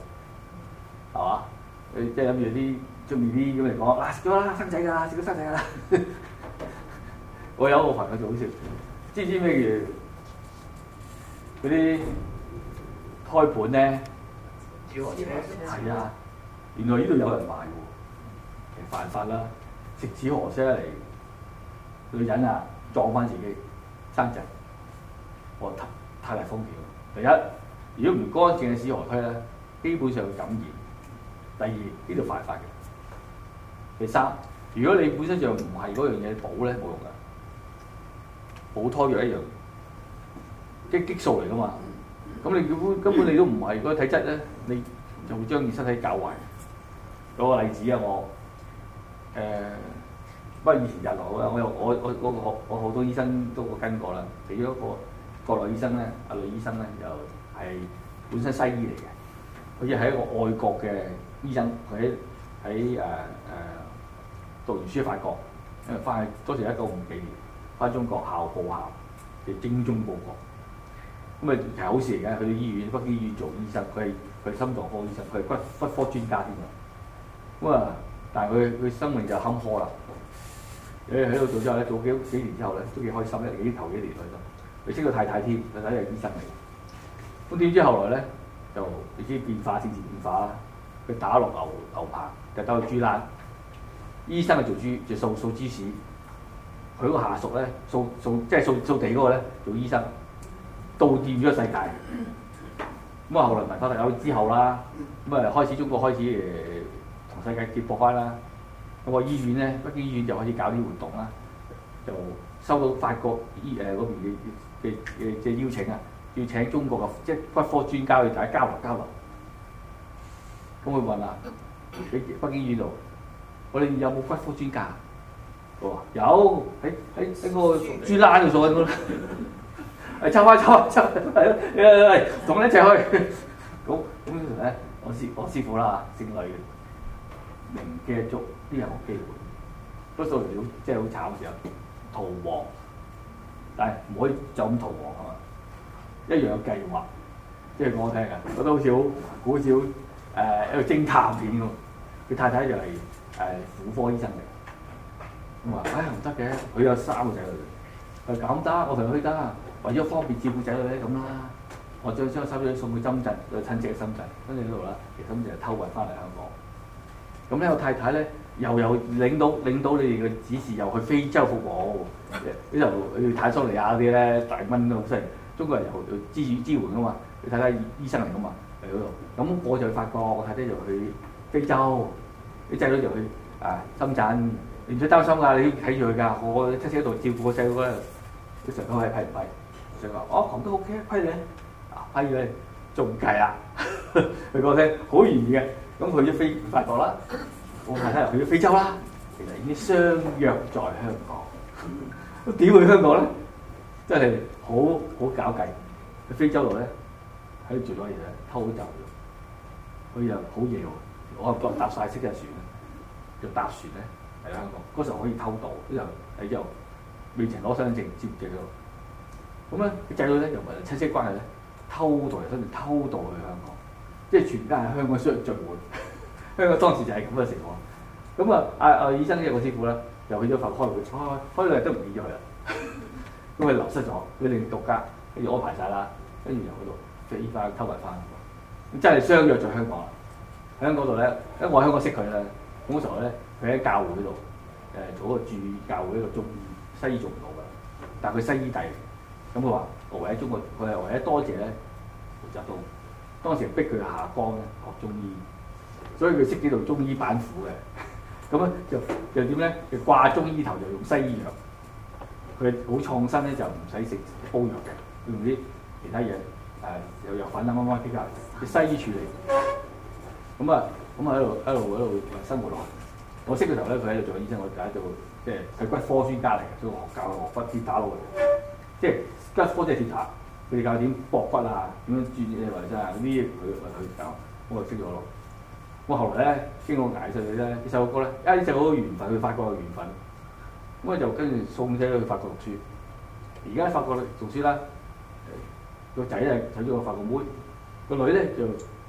係嘛？你即係諗住啲中意啲咁嚟講，嗱食咗啦，生仔㗎，食咗生仔㗎啦。 我有個朋友就好笑，知唔知咩嘢？嗰啲胎盤咧，紫河車嚟，係啊，啊，啊，原來呢度有人賣㗎喎，犯法啦，食紫河車嚟，女人啊撞翻自己生仔，哇太，太大風險，第一。如果唔乾淨嘅屎河推咧，基本上感染。第二呢度快法嘅。第三，如果你本身就唔係嗰樣嘢補咧，冇用嘅。補胎藥一樣，激激素嚟噶嘛。咁你根本你都唔係嗰個體質咧，你就會將你身體搞壞。嗰、那個例子啊，我誒、呃，不過以前就來啦。我又我我我我好多醫生都跟過啦，其咗一個國內醫生咧，阿李醫生咧又。有係本身西醫嚟嘅，好似係一個愛國嘅醫生，喺喺誒誒讀完書喺法國，因為翻去當時係一九五幾年翻中國校報校，就精忠報國。咁啊係好事嚟嘅，去到醫院北京醫院做醫生，佢係佢心臟科醫生，佢係骨骨科專家添咁啊，但係佢佢生命就坎坷啦。誒喺度做之後咧，做幾幾年之後咧，都幾開心咧，幾頭幾年去到。佢識到太太添，太太係醫生嚟。咁點知後來咧就政治變化先至變化啦。佢打落牛牛棚，就打去豬欄。醫生就做豬，就掃掃豬屎。佢個下屬咧掃掃，即係掃掃地嗰個咧做醫生，倒掉咗世界。咁啊，後來文化大革命之後啦，咁啊開始中國開始誒同世界接駁開啦。咁個醫院咧，北京醫院就開始搞啲活動啦，就收到法國醫誒嗰邊嘅嘅嘅嘅邀請啊。要請中國嘅即係骨科專家大家交流交流，咁佢問啊，喺北京醫院度，我哋有冇骨科專家？家我話有，有，有，喺喺喺個豬欄度坐緊咯，係拆開拆開拆，係咯父，嚟同你一齊去。咁咁咧，我師我師傅啦姓李嘅，唔嘅足啲人冇機會，骨疏鬆好即係好慘嘅時候逃亡，但係唔可以就咁逃亡一樣有計劃，即係講我聽啊！覺得好似好好少誒一個偵探片喎。佢太太又係誒婦科醫生嚟，咁話唉唔得嘅，佢、哎、有三個仔女，佢減得我同佢去得，為咗方便照顧仔女咧咁啦。我將啲收咗送去深圳，佢親戚喺深圳，跟住呢度啦。其實深圳偷運翻嚟香港，咁呢個太太咧又又領到領到你哋嘅指示，又去非洲服務，啲又去坦桑尼亞啲咧大蚊都唔識。中國人有支援支援噶嘛？你睇睇醫生嚟噶嘛？嚟嗰度咁，我就去法國，我太太就去非洲，你仔女就去啊深圳，你唔使擔心噶、啊，你睇住佢噶。我出車度照顧我細佬啦，啲成本費批唔批？成個哦咁都 OK 啊，批 咧，批咧，仲唔計啊！佢講咧好容易嘅，咁去咗非法國啦，我太太又去咗非洲啦。其實已經相約在香港，點、會、去香港咧？真係～好好搞計，喺非洲度咧，喺度做咗嘢咧，偷走咗。佢又好嘢喎，我搭晒色嘅船，就搭船咧嚟香港。嗰時候可以偷渡，啲人喺度面前攞身份證知唔知道？咁咧，個仔女咧又唔係親戚關係咧，偷渡嚟深圳，偷渡去，去香港，即係全家喺香港商聚會。 香港當時就係咁嘅情況。咁啊，阿、啊、阿、啊、醫生嘅個師傅咧，又去咗份開會，啊、開開開兩日都唔見咗佢啦。因為流失咗，佢哋獨家，跟住安排晒啦，跟住就喺度食醫藥偷埋翻。咁真係相約咗香港啦。喺香港度咧，因為我喺香港識佢啦。咁嗰時候咧，佢喺教會度誒做一個駐教會一個中醫西醫做唔到嘅，但係佢西醫底。咁佢話：為喺中國，佢係為咗多謝咧毛澤東。到當時逼佢下崗咧學中醫，所以佢識知度中醫板斧嘅。咁咧就就點咧？就掛中醫頭，就用西醫藥。佢好創新咧，就唔使食煲藥嘅，佢用啲其他嘢誒、呃，有藥粉啊，乜乜啲佢西醫處理，咁啊，咁啊喺度喺度喺度生活落。我識嘅時候咧，佢喺度做醫生，我喺度即係骨科專家嚟嘅，做學教學骨跌打佬嘅，即係骨科即係跌打，佢哋教點駁骨啊，點樣轉嘢或真啊，呢啲佢佢咁我啊識咗落。我後來咧經過解出嚟咧，呢首歌咧，一整好緣分，佢發覺係緣分。我咧就跟住送仔去法國讀書，而家法國讀書啦。個仔咧娶咗個法國妹，個女咧就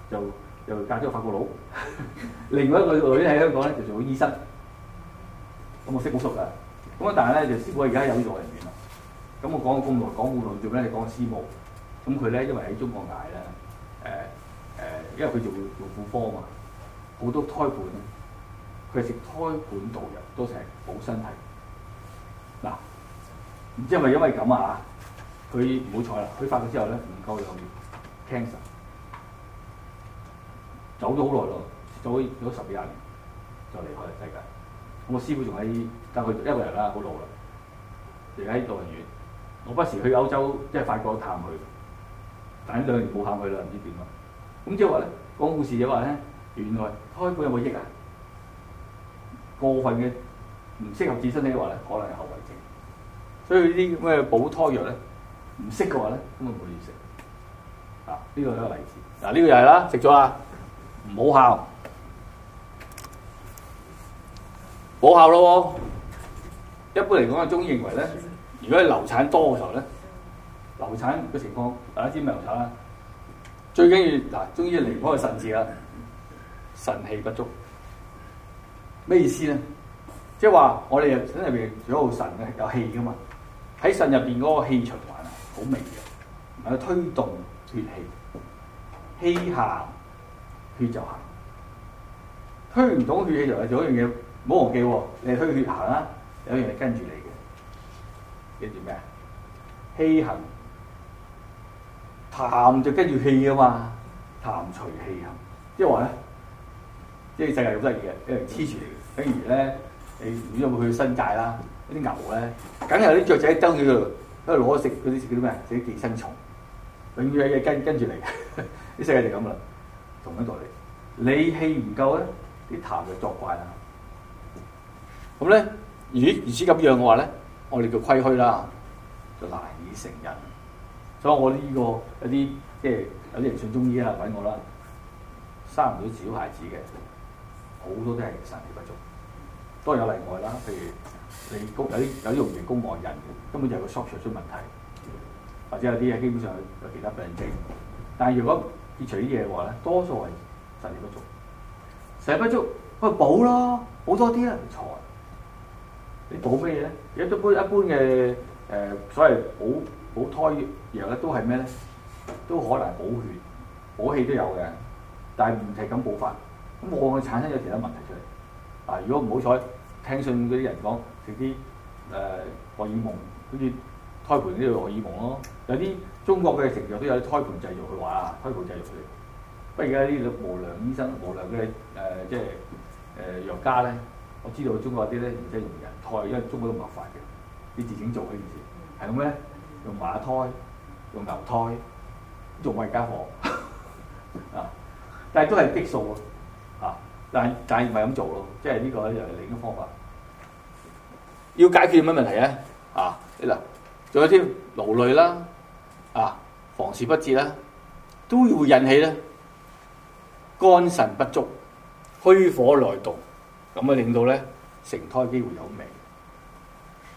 就就嫁咗個法國佬。 另外一個女喺香港咧就做醫生，咁、嗯、我識好熟噶。咁啊，但係咧就師母而家有呢個人員啦。咁我講咁耐講冇耐，最屘就講師母。咁佢咧因為喺中國大咧，誒誒，因為佢、呃呃、做做婦科啊嘛，好多胎盤，佢係食胎盤導入，都成日補身體。唔知係咪因為咁啊？佢唔好彩啦，佢發覺之後咧唔夠兩年 cancer 走咗好耐咯，走咗十幾廿年，就離開世界。我師傅仲喺，但佢一個人啦，好老啦，而家喺老人院。我不時去歐洲即係法國探佢，但係兩年冇喊佢啦，唔知點咯。咁即係話咧，講故事嘅話咧，原來開會有冇益啊？過分嘅唔適合自身嘅話咧，可能係後遺。所以啲咁嘅補胎藥咧，唔識嘅話咧，根本唔可以食。啊，呢個係一個例子。嗱、啊，呢、這個又係啦，食咗啦，唔好效，冇效咯。一般嚟講，啊中醫認為咧，如果係流產多嘅時候咧，流產嘅情況，大家知咩流產啦？最緊要嗱、啊，中醫離唔開個腎字啦，腎氣不足，咩意思咧？即係話我哋身入邊有好神，嘅有氣噶嘛。喺腎入邊嗰個氣循環啊，好微弱，嘅，喺推動血氣，氣行血就行。推唔到血氣就係做一樣嘢，唔好忘記喎，你推血行啦，有一樣嘢跟住你嘅，跟住咩啊？氣行痰就跟住氣啊嘛，痰隨氣行，即係話咧，即係世界好得意嘅，畀人黐住你嘅。譬如咧，你如果去新界啦。啲牛咧，梗係有啲雀仔周佢度，喺度攞食嗰啲叫咩啊？啲寄生蟲，永遠有嘢跟跟住嚟。啲 世界就咁啦，同一道理。你氣唔夠咧，啲痰就作怪啦。咁咧，如如此咁樣嘅話咧，我哋叫虧虛啦，就難以成人。所以我呢、這個一啲即係有啲人信中醫啦，揾我啦，生唔到小孩子嘅，好多都係腎氣不足。都有例外啦，譬如～你谷有啲有啲用完供外人根本就係個縮窄出問題，或者有啲嘢基本上有其他病症。但係如果撇除啲嘢嘅話咧，多數係腎不足，腎不足我、啊、補咯，補多啲啦，唔錯。你補咩嘢咧？一一般一般嘅誒所謂補補胎藥咧，都係咩咧？都可能補血、補氣都有嘅，但係唔係咁補法，咁我會產生有其他問題出嚟。啊！如果唔好彩聽信嗰啲人講。食啲誒荷爾蒙，好似胎盤呢個荷爾蒙咯。有啲中國嘅食藥都有啲胎盤製造，佢話啊，胎盤製造嘅。不過而家呢啲無良醫生、無良嘅誒即係誒藥家咧，我知道中國啲咧唔使用人胎，因為中國都麻煩嘅，你自己做呢件事係咁咩？用馬胎、用牛胎做外家貨 啊！但係都係激素喎啊！但係但係唔係咁做咯，即係呢個又係另一方法。要解決乜問題咧？啊，嗱，仲有添勞累啦、啊，啊，房事不節啦、啊，都會引起咧肝腎不足、虛火內動，咁啊令到咧成胎機會有微。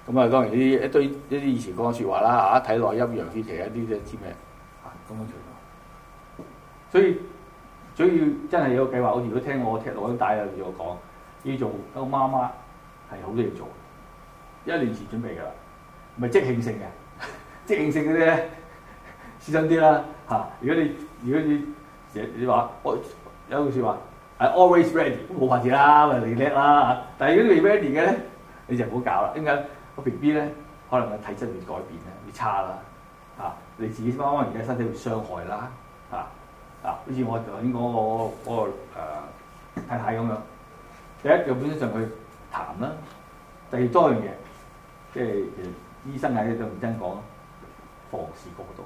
咁、嗯、啊，當然呢啲，一堆一啲以前講嘅説話啦，嚇、啊、體內陰陽虛邪一啲嘅啲咩，嚇咁、啊、樣情況。所以，所以真係有個計劃。好似如果聽我踢落去帶入嚟我講，要做媽媽，係好多嘢做。一年前準備嘅啦，唔係即興性嘅， 即興性嗰啲咧，小心啲啦嚇。如果你如果你你話、哦、有話有句説話係 always ready 冇法子啦，咪你叻啦、啊。但係如果未 ready 嘅咧，你就唔好搞啦。點解咧？個 B B 咧，可能個體質會改變咧，會差啦嚇、啊。你自己媽媽而家身體會傷害啦嚇。嗱、啊，好似我頭先講個、嗰個、嗰個呃、太太咁樣，第一個本身上去談啦，第二多樣嘢。即係其實醫生喺度認真講咯，防事過度，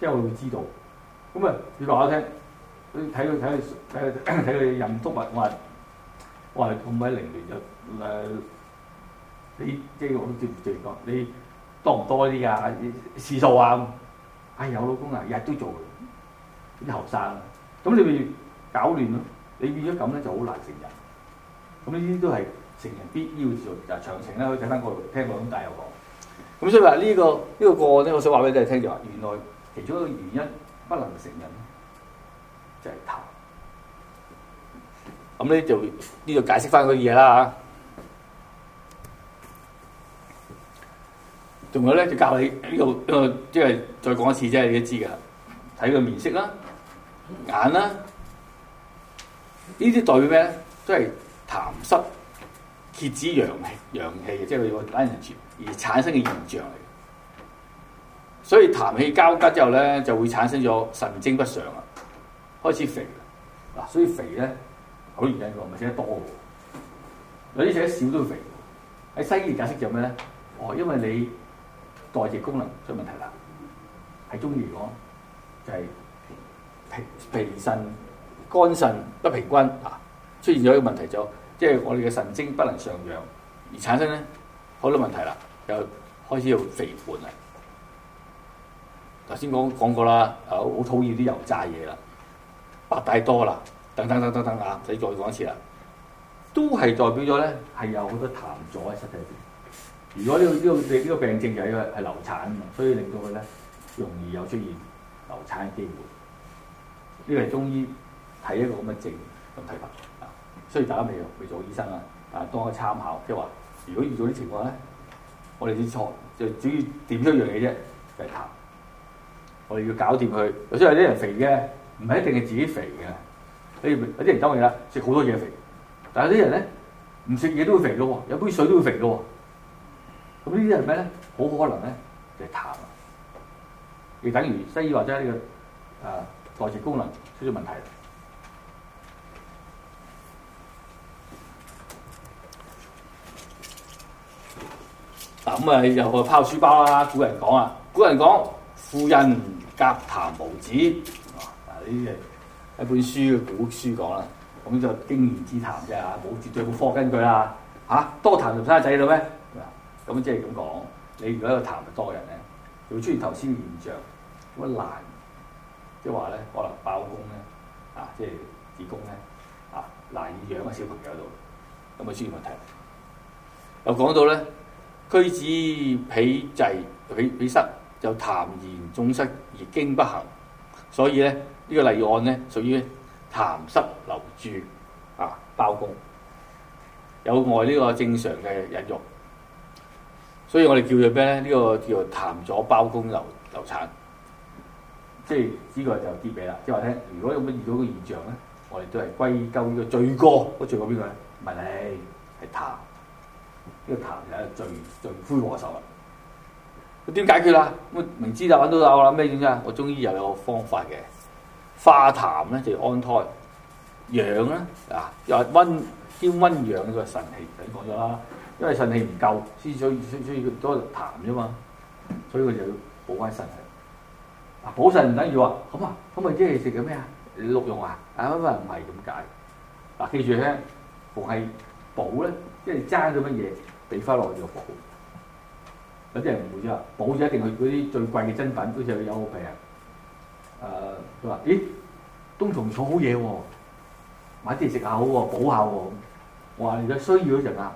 即係我會知道。咁啊，你話我聽，你睇佢睇佢睇佢睇佢任督脈，我話，我話，咁鬼凌亂就誒、啊，你即係我都接住接住講，你多唔多啲啊？次數啊，哎有老公啊，日日都做，啲後生，咁你咪搞亂咯。你變咗咁咧就好難成人。咁呢啲都係。成人必要做，但係詳情咧可以睇翻過去，聽過咁大有講。咁、嗯、所以話、這、呢個呢、呢個個案咧，我想話俾大家聽住啊，原來其中一個原因不能成人，就係、是、痰。咁咧就呢度解釋翻嗰啲嘢啦嚇。仲有咧就教你呢度，即係再講一次即啫，你都知嘅。睇個面色啦，眼啦，呢啲代表咩？都係痰濕。截止陽氣，陽氣嘅即係我反自然而產生嘅現象嚟。所以痰氣交結之後咧，就會產生咗神精不常啊，開始肥。嗱，所以肥咧好原因㗎，咪食得多有啲食得少都肥。喺西醫解釋就咩咧？哦，因為你代謝功能出問題啦。喺中醫嚟講，就係脾脾腎肝腎不平均啊，出現咗一個問題就。即係我哋嘅神經不能上揚，而產生咧好多問題啦，又開始要肥胖啦。頭先講講過啦，好討厭啲油炸嘢啦，白帶多啦，等等等等等啊，唔使再講一次啦，都係代表咗咧係有好多痰阻喺身體入邊。如果呢個呢個呢個病症就要係流產啊嘛，所以令到佢咧容易有出現流產嘅機會。呢個係中醫睇一個咁嘅症咁睇法。雖然大家未未做醫生啊，但係當一個參考，即係話，如果遇到啲情況咧，我哋要錯就主要點咗一樣嘢啫，就係、是、痰。我哋要搞掂佢。有啲有啲人肥嘅，唔係一定係自己肥嘅。你有啲人當然啦，食好多嘢肥，但係有啲人咧唔食嘢都會肥嘅喎，飲杯水都會肥嘅喎。咁呢啲係咩咧？好可能咧，就係痰。亦等於西醫話齋呢個啊、呃、代謝功能出咗問題。咁啊，又去拋書包啦！古人講啊，古人講婦人隔痰無子啊，嗱呢係一本書嘅古書講啦。咁就經驗之談啫嚇，冇絕對冇科學根據啊，嚇，多痰就生仔到咩？咁即係咁講。你如果喺度痰多人咧，會出現頭先現象，咁難，即係話咧，可能包公咧啊，即係子宮咧啊，難以養個小朋友喺度，咁啊出現問題。又講到咧。居子脾滯脾脾濕，就痰涎中塞而經不行，所以咧呢、這個例案咧屬於痰濕留注啊，包公有礙呢個正常嘅孕育，所以我哋叫做咩咧？呢、這個叫做痰阻包公流流產，即係呢、這個就啲底啦。即係話咧，如果有乜遇到個現象咧，我哋都係歸咎呢個罪過，嗰罪過邊個咧？問你係痰。呢個痰就係罪罪魁禍首啦！佢點解決啊？咁明知就揾到有啦，咩原因啊？我中醫又有個方法嘅，化痰咧就安胎，養咧啊又温先温養個腎氣，腎氣已經講咗啦。因為腎氣唔夠，先，所以所以多痰啫嘛，所以佢就要補翻腎。啊，補腎唔等於話咁啊，咁啊即係食個咩啊？鹿茸啊？啊乜乜唔係咁解。嗱，記住咧，逢係補咧，即係爭咗乜嘢？俾翻落去就補，有啲人唔會啫。補咗一定去嗰啲最貴嘅珍品。好似佢有個病，誒佢話：咦，冬蟲草好嘢喎、哦，買啲嚟食下好喎、哦，補下喎、哦。我話：你家需要嘅嗰隻啊，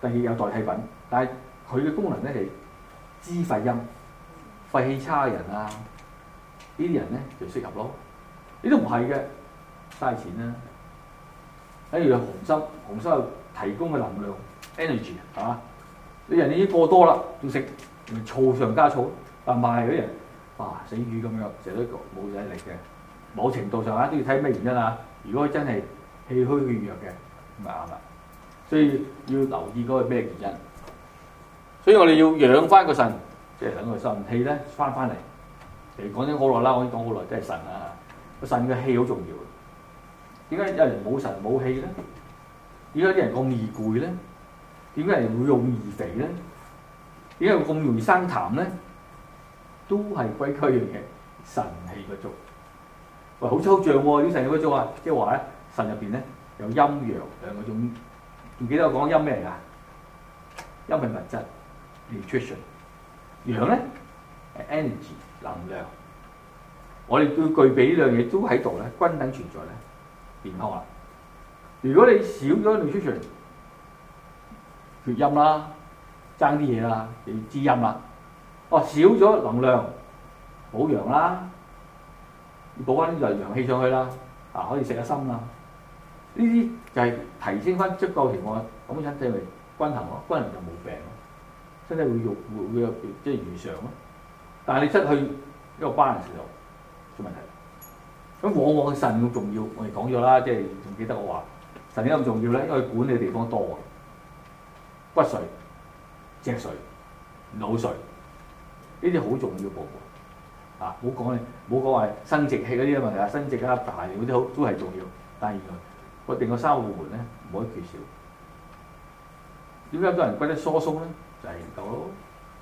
第二有代替品，但係佢嘅功能咧係滋肺陰，肺氣差嘅人啊，人呢啲人咧就適合咯。呢啲唔係嘅，嘥錢啦。譬如紅參，紅參提供嘅能量。energy 係、啊、嘛？你人已經過多啦，要食，咪醋上加醋。啊賣嗰啲人，哇死魚咁樣，成日都冇曬力嘅。某程度上啊，都要睇咩原因啊。如果真係氣虛血弱嘅，咁係啱啦。所以要留意嗰個咩原因。所以我哋要養翻個腎，即係兩個腎氣咧翻翻嚟。其實講咗好耐啦，我講好耐都係腎啊。個腎嘅氣好重要嘅。點解有人冇腎冇氣咧？點解啲人咁易攰咧？點解人會容易肥咧？點解咁容易生痰咧？都係歸區嘅嘢，腎氣不足。喂，好抽象喎！呢個腎氣不足啊，即係話咧，腎入邊咧有陰陽兩個種。唔記得我講陰咩嚟㗎？陰係物質，nutrition。陽咧係 energy，能量。我哋要具備呢樣嘢都喺度咧，均等存在咧，健康啊！如果你少咗 nutrition，血陰啦，爭啲嘢啦，又要滋陰啦。哦，少咗能量，補陽啦，補翻啲陽陽氣上去啦。啊，可以食下心啦。呢啲就係提升翻足夠嘅情況，咁身體咪均衡咯，均衡就冇病咯，身體會肉會會有即係如常咯。但係你失去一個斑嘅時候，出問題。咁往往腎咁重要，我哋講咗啦，即係仲記得我話腎點咁重要咧？因為管理地方多啊。骨髓、脊髓、腦髓，呢啲好重要部分啊！冇講，冇講話生殖器嗰啲嘅問題，生殖啊、大料嗰啲好都係重要。但係原來確定個三個部門咧，唔可以缺少。點解多人骨質疏鬆咧？就係唔夠咯。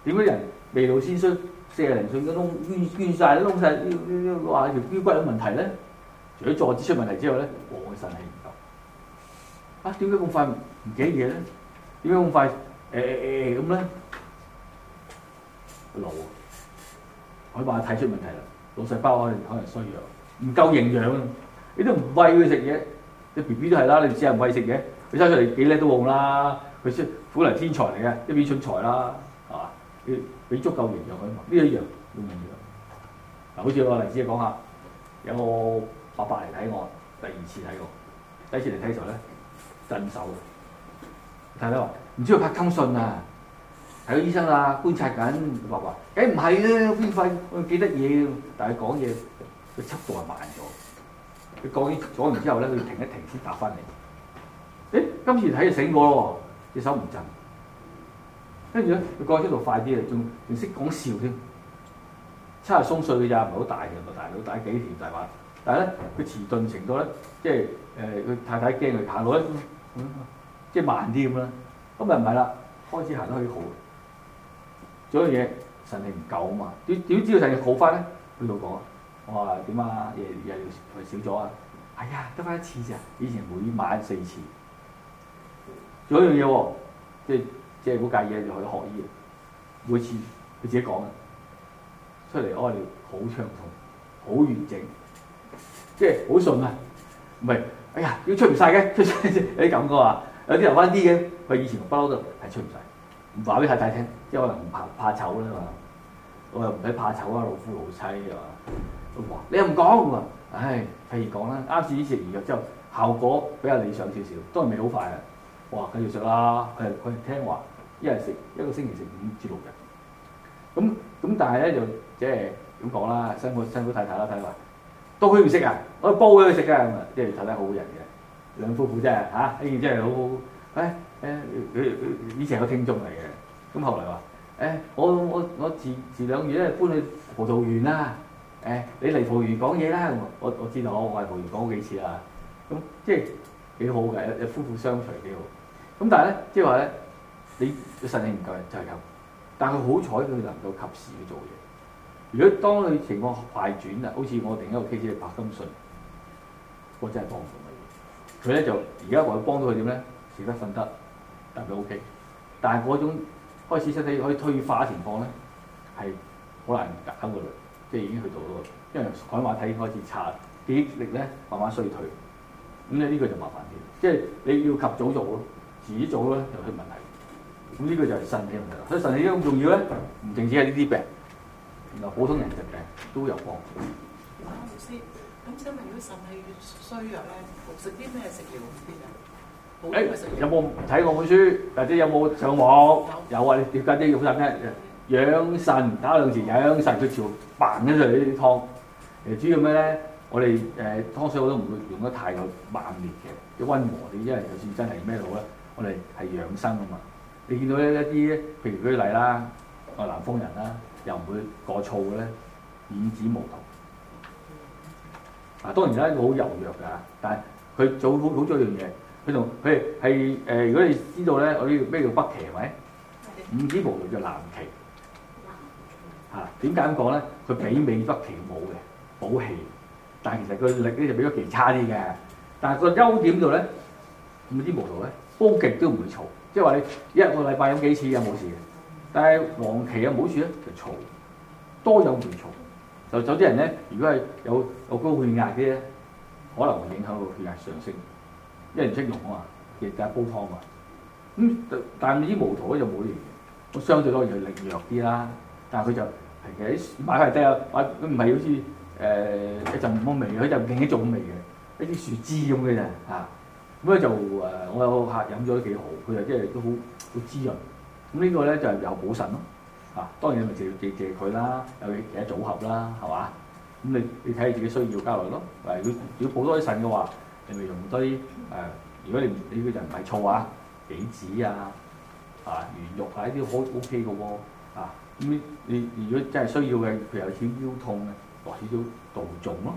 點解人未老先衰？四啊零歲嗰種捐捐晒，攞晒，呢呢腰骨有問題咧，除咗坐姿出問題之後咧，我腎氣唔夠。啊！點解咁快唔記得嘢咧？點解咁快誒咁咧？老，啊，海話睇出問題啦，腦細胞可能可能衰弱，唔夠營養。你都唔餵佢食嘢，你 B B 都係啦，你唔知有人餵食嘢，佢生出嚟幾叻都旺啦，佢出苦嚟天才嚟嘅，一表蠢材啦，係、啊、嘛？要俾足夠營養佢，呢一樣要營養。嗱，好似我例子講下，有個伯伯嚟睇我，第二次睇我，第一次嚟睇時候咧，震手。大係啦，唔知佢拍筋訊啊，睇個醫生啊，觀察緊，爸爸話話，梗唔係啦，偏廢，幾得意，但係講嘢，佢速度係慢咗，佢講完講完之後咧，佢停一停先打翻嚟。誒、欸，今次睇就醒咗咯，隻手唔震，跟住咧佢講速度快啲啊，仲仲識講笑添，七啊，倆歲㗎咋，唔係好大嘅，個大佬大幾條大話，但係咧佢遲鈍程度咧，即係誒，佢、呃、太太驚佢彈落去。即係慢啲咁啦，咁咪唔係啦，開始行得開始好。仲有一樣嘢神力唔夠啊嘛！點點知道神力好翻咧？佢同我講：我話點啊？又又少咗啊！哎呀，得翻一次咋？以前每晚四次。仲有一樣嘢，即係即係嗰架嘢要去學醫啊！每次佢自己講嘅，出嚟屙尿好暢通，好完整，即係好順啊！唔係哎呀，要出唔晒嘅，出晒曬先有啲感覺啊！有啲留翻啲嘅，佢以前唔包得，係出曬，唔話俾太太聽，即係可能唔怕怕醜啦嘛。我又唔使怕醜啊，老夫老妻啊。哇，你又唔講喎？唉，譬如講啦，啱先食完藥之後，效果比較理想少少，都係未好快啊。哇，繼續食啦，佢佢聽話，一日食一個星期食五至六日。咁咁但係咧就即係點講啦？辛苦辛苦太太啦，太太都佢唔識啊，我煲俾佢食㗎嘛，即係睇太太好人嘅。兩夫婦真係嚇，依、啊、然、哎、真係好好。誒、哎、誒、呃，以前係個聽眾嚟嘅，咁後來話誒、哎，我我我自自兩月咧搬去葡萄園啦、啊。誒、哎，你嚟葡萄園講嘢啦，我我知道，我外葡萄園講幾次啦。咁、嗯、即係幾好嘅，夫婦相隨幾好。咁但係咧，即係話咧，你嘅身體唔夠就係、是、咁。但係佢好彩佢能夠及時去做嘢。如果當佢情況快轉啊，好似我另一個 case 白金信，我真係幫唔到。佢咧就而家話幫到佢點咧，食得瞓得，特別 OK。但係嗰種開始身體可以退化情況咧，係好難搞嘅嘞，即係已經去到咯。因為海馬體已經開始差，記憶力咧慢慢衰退。咁咧呢個就麻煩啲，即係你要及早做咯，自己做咧就出問題。咁、這、呢個就係腎嘅問題，所以腎呢咁重要咧，唔淨止係呢啲病，原來普通人食病都有幫咁係如果腎氣衰弱咧，食啲咩食療先啊？誒，有冇睇過本書？或者有冇上網？有啊，你家姐好得咧，養腎打兩字，養腎佢全部扮緊上呢啲湯。誒、呃，主要咩咧？我哋誒、呃、湯水我都唔會用得太猛烈嘅，要温和啲，因為就算真係咩好咧，我哋係養生啊嘛。你見到呢一啲譬如舉例啦，我南方人啦，又唔會過燥嘅咧，五指毛桃。嗱當然啦，佢好柔弱㗎，但係佢做好好中意一樣嘢，佢同譬如係誒，如果你知道咧，我呢個咩叫北芪係咪？五指毛桃叫南芪嚇，點解咁講咧？佢媲美北芪冇嘅，補氣，但係其實佢力咧就比咗其差啲嘅。但係個優點度咧，五指毛桃咧，煲極都唔會嘈，即係話你一個禮拜飲幾次有冇事嘅。但係黃芪啊冇事處咧，就嘈，多有唔嘈。就有啲人咧，如果係有有高血壓啲咧，可能會影響個血壓上升。因為唔識用啊嘛，亦都係煲湯、就是呃、微微微微啊。咁但但呢啲毛桃咧就冇呢啲，我相對嚟講就力弱啲啦。但係佢就係嘅，買嚟低，啊買，唔係好似誒一陣咁味佢就另一種味嘅，一啲樹枝咁嘅咋啊。咁咧就誒，我有個客飲咗幾好，佢就即係都好好滋潤。咁呢個咧就係、有補腎咯。啊，當然你咪就要借借佢啦，有幾幾多組合啦，係嘛？咁你你睇下自己需要交流咯。誒，要要補多啲腎嘅話，你咪用多啲誒、呃。如果你唔呢啲唔係錯啊，杞子啊，啊魚肉啊啲好 OK 嘅喎。啊，咁、嗯、你你如果真係需要嘅，譬如有少腰痛咧，落少少杜仲咯。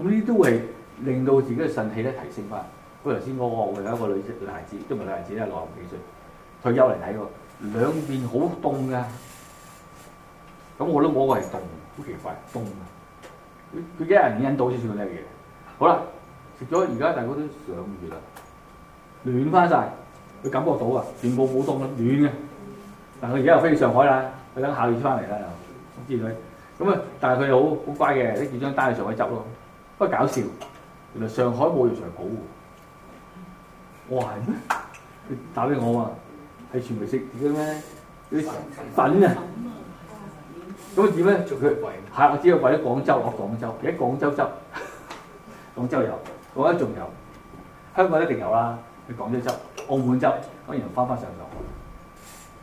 咁呢啲都係令到自己嘅腎氣咧提升翻。我頭先嗰個有一個女孩女孩子，都唔係女孩子啦，六十幾歲退休嚟睇喎，兩邊好凍㗎。咁我諗我個係凍，好奇怪，凍啊！佢佢一人影到先算佢叻嘢。好啦，食咗而家大概都上月啦，暖翻晒，佢感覺到啊，全部冇凍啦，暖嘅。但係佢而家又飛去上海啦，佢等考完翻嚟啦又，我知佢。咁啊，但係佢好好乖嘅，拎住張單上去上海執咯。不過搞笑，原來上海冇藥場補喎。哇係咩？佢打俾我話、啊、係全味食點嘅咩？佢粉啊！咁點咧？做佢係我知啊，喺廣州落廣州，而家廣州執，廣州有，我覺得仲有，香港一定有啦。喺廣州執，澳門執，咁然後翻翻上上海。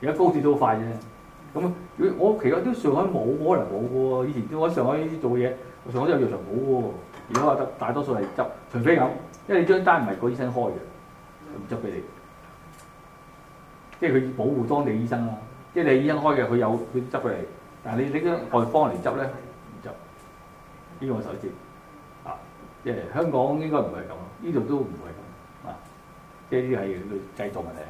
而家高鐵都快啫。咁，如我其實都上海冇，可能冇喎。以前我喺上海做嘢，上海都有藥材冇喎。而家話得大多數係執，除非咁，因為你張單唔係個醫生開嘅，唔執俾你。即係佢保護當地醫生啦。即係你醫生開嘅，佢有佢執俾你。但係你你啲外方嚟執咧唔執呢？這個我手指啊，即係香港應該唔係咁，呢度都唔會係咁啊，即係啲係佢製造嘅咧。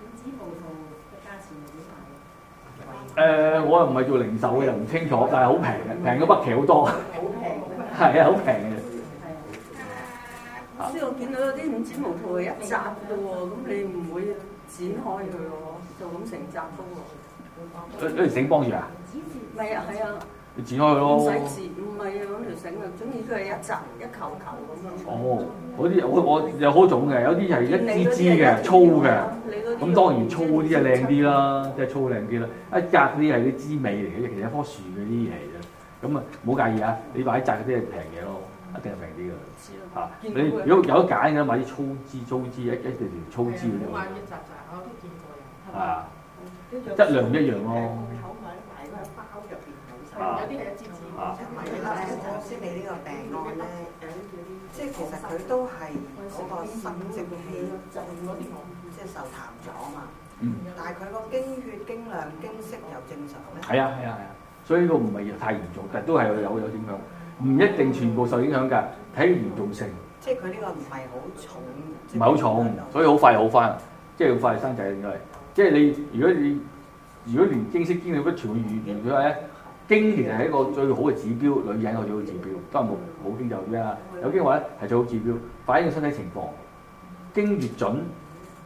五指毛桃嘅價錢會唔會貴？誒，我又唔係做零售嘅，又唔、嗯、清楚，但係好平嘅，平過、嗯、北芪好多。好平、嗯。係啊，好平嘅。啱啱、啊嗯、我見到有啲五指毛桃嘅一扎喎，咁你唔會剪開佢嘅，就咁成扎封喎？一一條繩幫住啊？唔係啊，係啊。你剪開佢咯。唔使剪，唔係兩條繩嘅，總之佢係一扎一球球咁樣。哦，嗰啲我我有好多種嘅，有啲係一支支嘅粗嘅，咁當然粗啲就靚啲啦，即係粗靚啲啦。一扎啲係啲枝尾嚟嘅，其實一樖樹嗰啲嘢嚟嘅。咁啊，唔好介意啊，你買一扎嗰啲係平嘢咯，一定係平啲嘅。知啦。嚇，你如果有得揀嘅，買啲粗枝粗枝一一條條粗枝嘅。我見過一扎扎，係啊。質量一樣咯、啊嗯。包入邊有啲，有啲嘅。因為我先俾呢個病案咧，即係、嗯、其實佢都係嗰個生殖器啲，嗯、即係受痰咗嘛。嗯、但係佢個經血精精、經量、啊、經色又正常咧。係啊係啊係啊，所以個唔係太嚴重，但都係有有影響，唔、嗯、一定全部受影響㗎，睇嚴重性。即係佢呢個唔係好重。唔係好重，重所以好快好翻，即係快生仔應該。即係你，如果你如果你連經色經量都全部完言咗咧，經其實係一個最好嘅指標，女人嘅最好指標，都冇冇經就知啦，有經話咧係最好指標，反映個身體情況。經越準，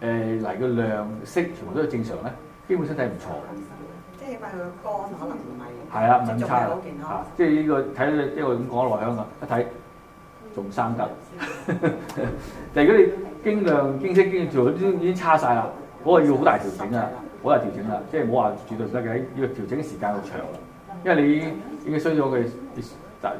誒嚟嘅量色全部都係正常咧，基本身體唔錯。即係起碼佢嘅肝可能唔係。係啊的，文差，即係呢個睇你，即係我咁講內香啊，一睇仲生得。但係、嗯、 如果你經量、經色、經量全部都已經差晒啦。嗰個要好大調整啊！好大調整啊！即係冇好話做到得嘅，要調整時間好長。因為你已經衰咗嘅，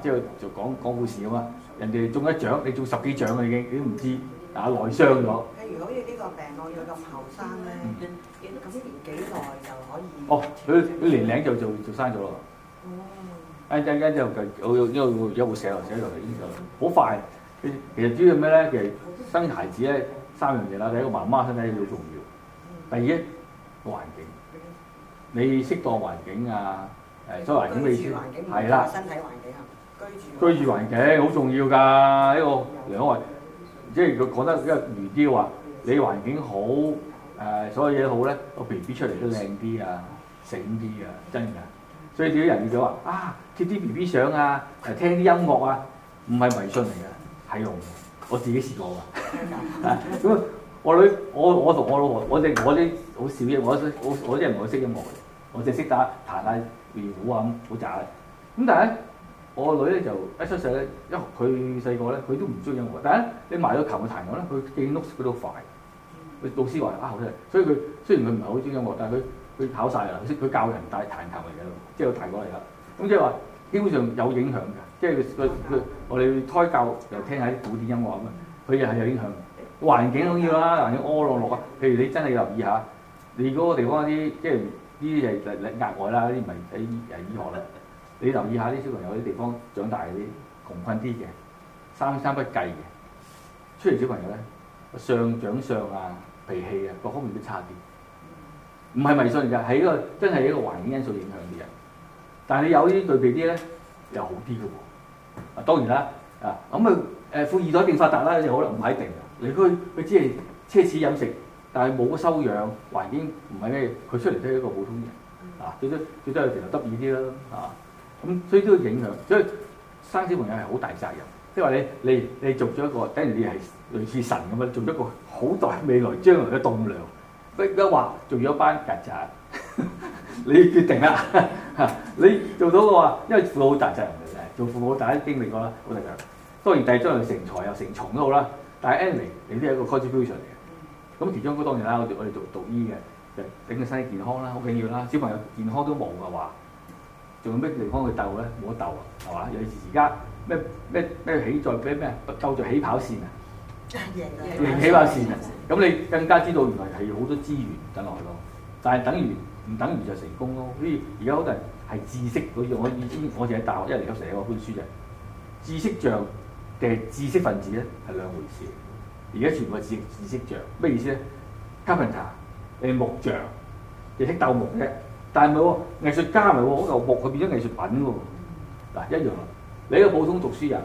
即係就講講故事啊嘛，人哋中一獎，你中十幾獎啊！你已經已經唔知啊，內傷咗。假如好似呢個病，我如果咁後生咧，咁年幾耐就可以？哦、嗯，佢、oh，佢年齡就就就生咗咯。哦，一陣間就我有因為有冇寫落寫落嘅醫生？好快，其實主要咩咧？其實生孩子咧，三樣嘢啦，第一個媽媽身體要做要。第二，環境，你適當環境啊，誒，所謂環境你先，係啦，了身體環境居住。居住環境好重要㗎，呢、這個兩位，是兩個即係如果講得比較圓啲話，是你環境好，誒、呃，所有嘢好咧，個 B B 出嚟都靚啲、嗯、啊，醒啲啊，真㗎。所以啲人如果話啊，貼啲 B B 相啊，誒，聽啲音樂啊，唔係迷信嚟㗎，係用嘅，我自己試過㗎。 我女，我我同我老婆，我哋我啲好少嘢，我我我啲人唔係好識音樂嘅，我淨係識打彈下二胡啊咁，好渣嘅。咁但係咧，我女咧就一出世咧，因為佢細個咧，佢都唔中意音樂。但係咧，你買咗琴去彈我咧，佢記 note 佢都快。佢老師話：啊好嘅，所以佢雖然佢唔係好中意音樂，但係佢佢跑晒啦，佢佢教人彈琴嚟嘅咯，即係彈過嚟啦。咁即係話基本上有影響㗎，即係佢佢我哋胎教又聽下啲古典音樂咁樣，佢又係有影響。環境好要啦，環要屙落落啊。譬如你真係留意下，你嗰個地方啲即係啲係額外啦，啲唔係喺醫係醫學啦。你留意下啲小朋友啲地方長大啲窮困啲嘅，三餐不繼嘅，出嚟小朋友咧上長相啊，脾氣啊，各方面都差啲，唔係迷信㗎，係一個真係一個環境因素影響啲人。但係你有啲對比啲咧又好啲嘅喎。當然啦，啊咁佢誒，富二代變發達啦就好啦，唔係一定。你佢佢只係奢侈飲食，但係冇個修養，環境唔係咩，佢出嚟都係一個普通人。嗱、啊，最多最多佢成日得意啲啦。啊，咁所以都要影響，所以生小朋友係好大責任。即係話你你你做咗一個，等於你係類似神咁樣做咗一個好大未來將來嘅棟樑，不家話做咗班曱甴， 你決定啦。 你做到嘅話，因為父母好大責任嘅，做父母大家經歷過啦，好大責任。當然第二將來成才又成蟲都好啦。但係 Annie 你都係一個 contribution 嚟嘅。咁其中一個當然啦，我哋我哋讀讀醫嘅，就整個身體健康啦，好緊要啦。小朋友健康都冇嘅話，仲有咩地方去鬥咧？冇得鬥啊，係嘛？尤其是而家咩咩咩起在咩咩，構在起跑線啊，贏了起跑線，啊。咁了你更加知道原來係好多資源等落去咯。但係等於唔等於就成功咯。所以而家好多人係知識，好似我以前我就喺大學一年級時寫過本書嘅知識像。定知識分子咧係兩回事，而家全部係知識知識匠，咩意思咧？Carpenter 誒木匠，佢識鬥木嘅，但係冇藝術家咪好有木佢變咗藝術品喎，嗱、嗯、一樣。你個普通讀書人誒、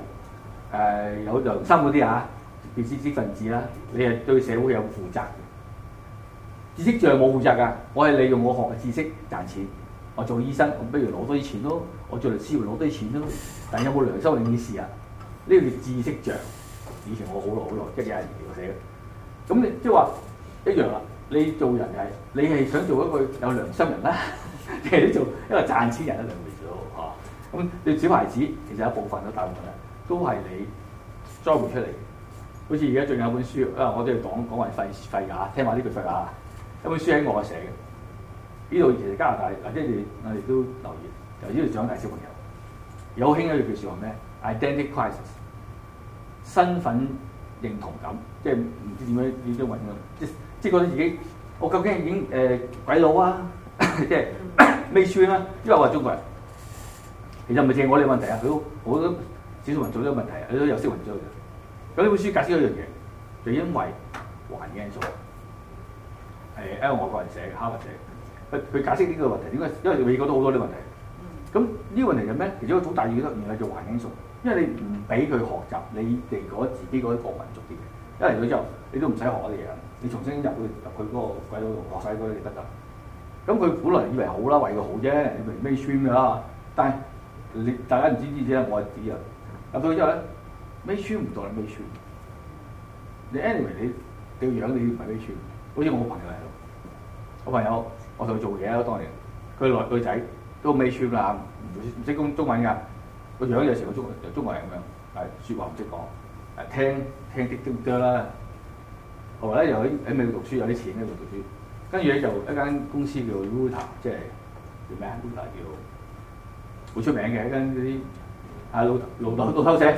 呃、有良心嗰啲嚇、啊，叫知識分子啦，你係對社會有負責嘅。知識匠冇負責㗎，我係利用我學嘅知識賺錢，我做醫生，我不如攞多啲錢咯，我做律師會攞多啲錢咯，但有冇良心嘅意思啊？呢個叫知識像，以前我好耐好耐，即係有人撩死嘅。咁你即係話一樣啦。你做人係你係想做一個有良心人啦，你實做，一為賺錢人一兩回事咯，嚇、啊。咁、嗯、你小孩子，其實有部分都大部分啊，都係你栽培出嚟。好似而家仲有本書，啊，我哋係講講為廢廢話，聽埋呢句廢話。一本書喺我寫嘅，呢度其實加拿大或者你我哋都留意，由呢度長大小朋友有興一句說話咩？Identity crisis。身份認同感，即係唔知點樣點樣揾㗎，即係即係覺得自己我究竟已經誒、呃、鬼佬啊，即係未算啦，因為我係中國人。其實唔係淨我哋問題啊，佢都好多少數民族都問題啊，佢都有識文族嘅。咁呢本書解釋一樣嘢，就因為環境因素係一個外國人寫嘅哈佛寫，佢佢解釋呢個問題點解，因為美國都好多啲問題。咁呢個問題就咩？其中一種大原因叫做環境素。因為你唔俾佢學習，你哋嗰自己嗰一個民族啲嘢，一嚟到之後，你都唔使學嗰啲嘢啦，你重新入去入去嗰個鬼佬度學曬嗰啲嘢得啦。咁佢本來以為好啦，為佢好啫，你咪咩村㗎啦？但係你大家唔知知知，我係知啊。入到之後咧，咩村唔代表你咩村，你 anyway 你你樣你唔係咩村，好似我個朋友嚟嘅，我朋友我同佢做嘢啦，當年佢來佢仔都咩村啦，唔唔識講中文㗎。個樣有時候好中國，中國人咁樣，誒，説話唔識講，誒，聽聽啲都唔得啦，後來咧又喺喺美國讀書，有啲錢喺度讀書，跟住咧就一間公司叫 Vuitton，即係叫咩啊？Vuitton 叫好出名嘅一間啲啊老老老老頭仔，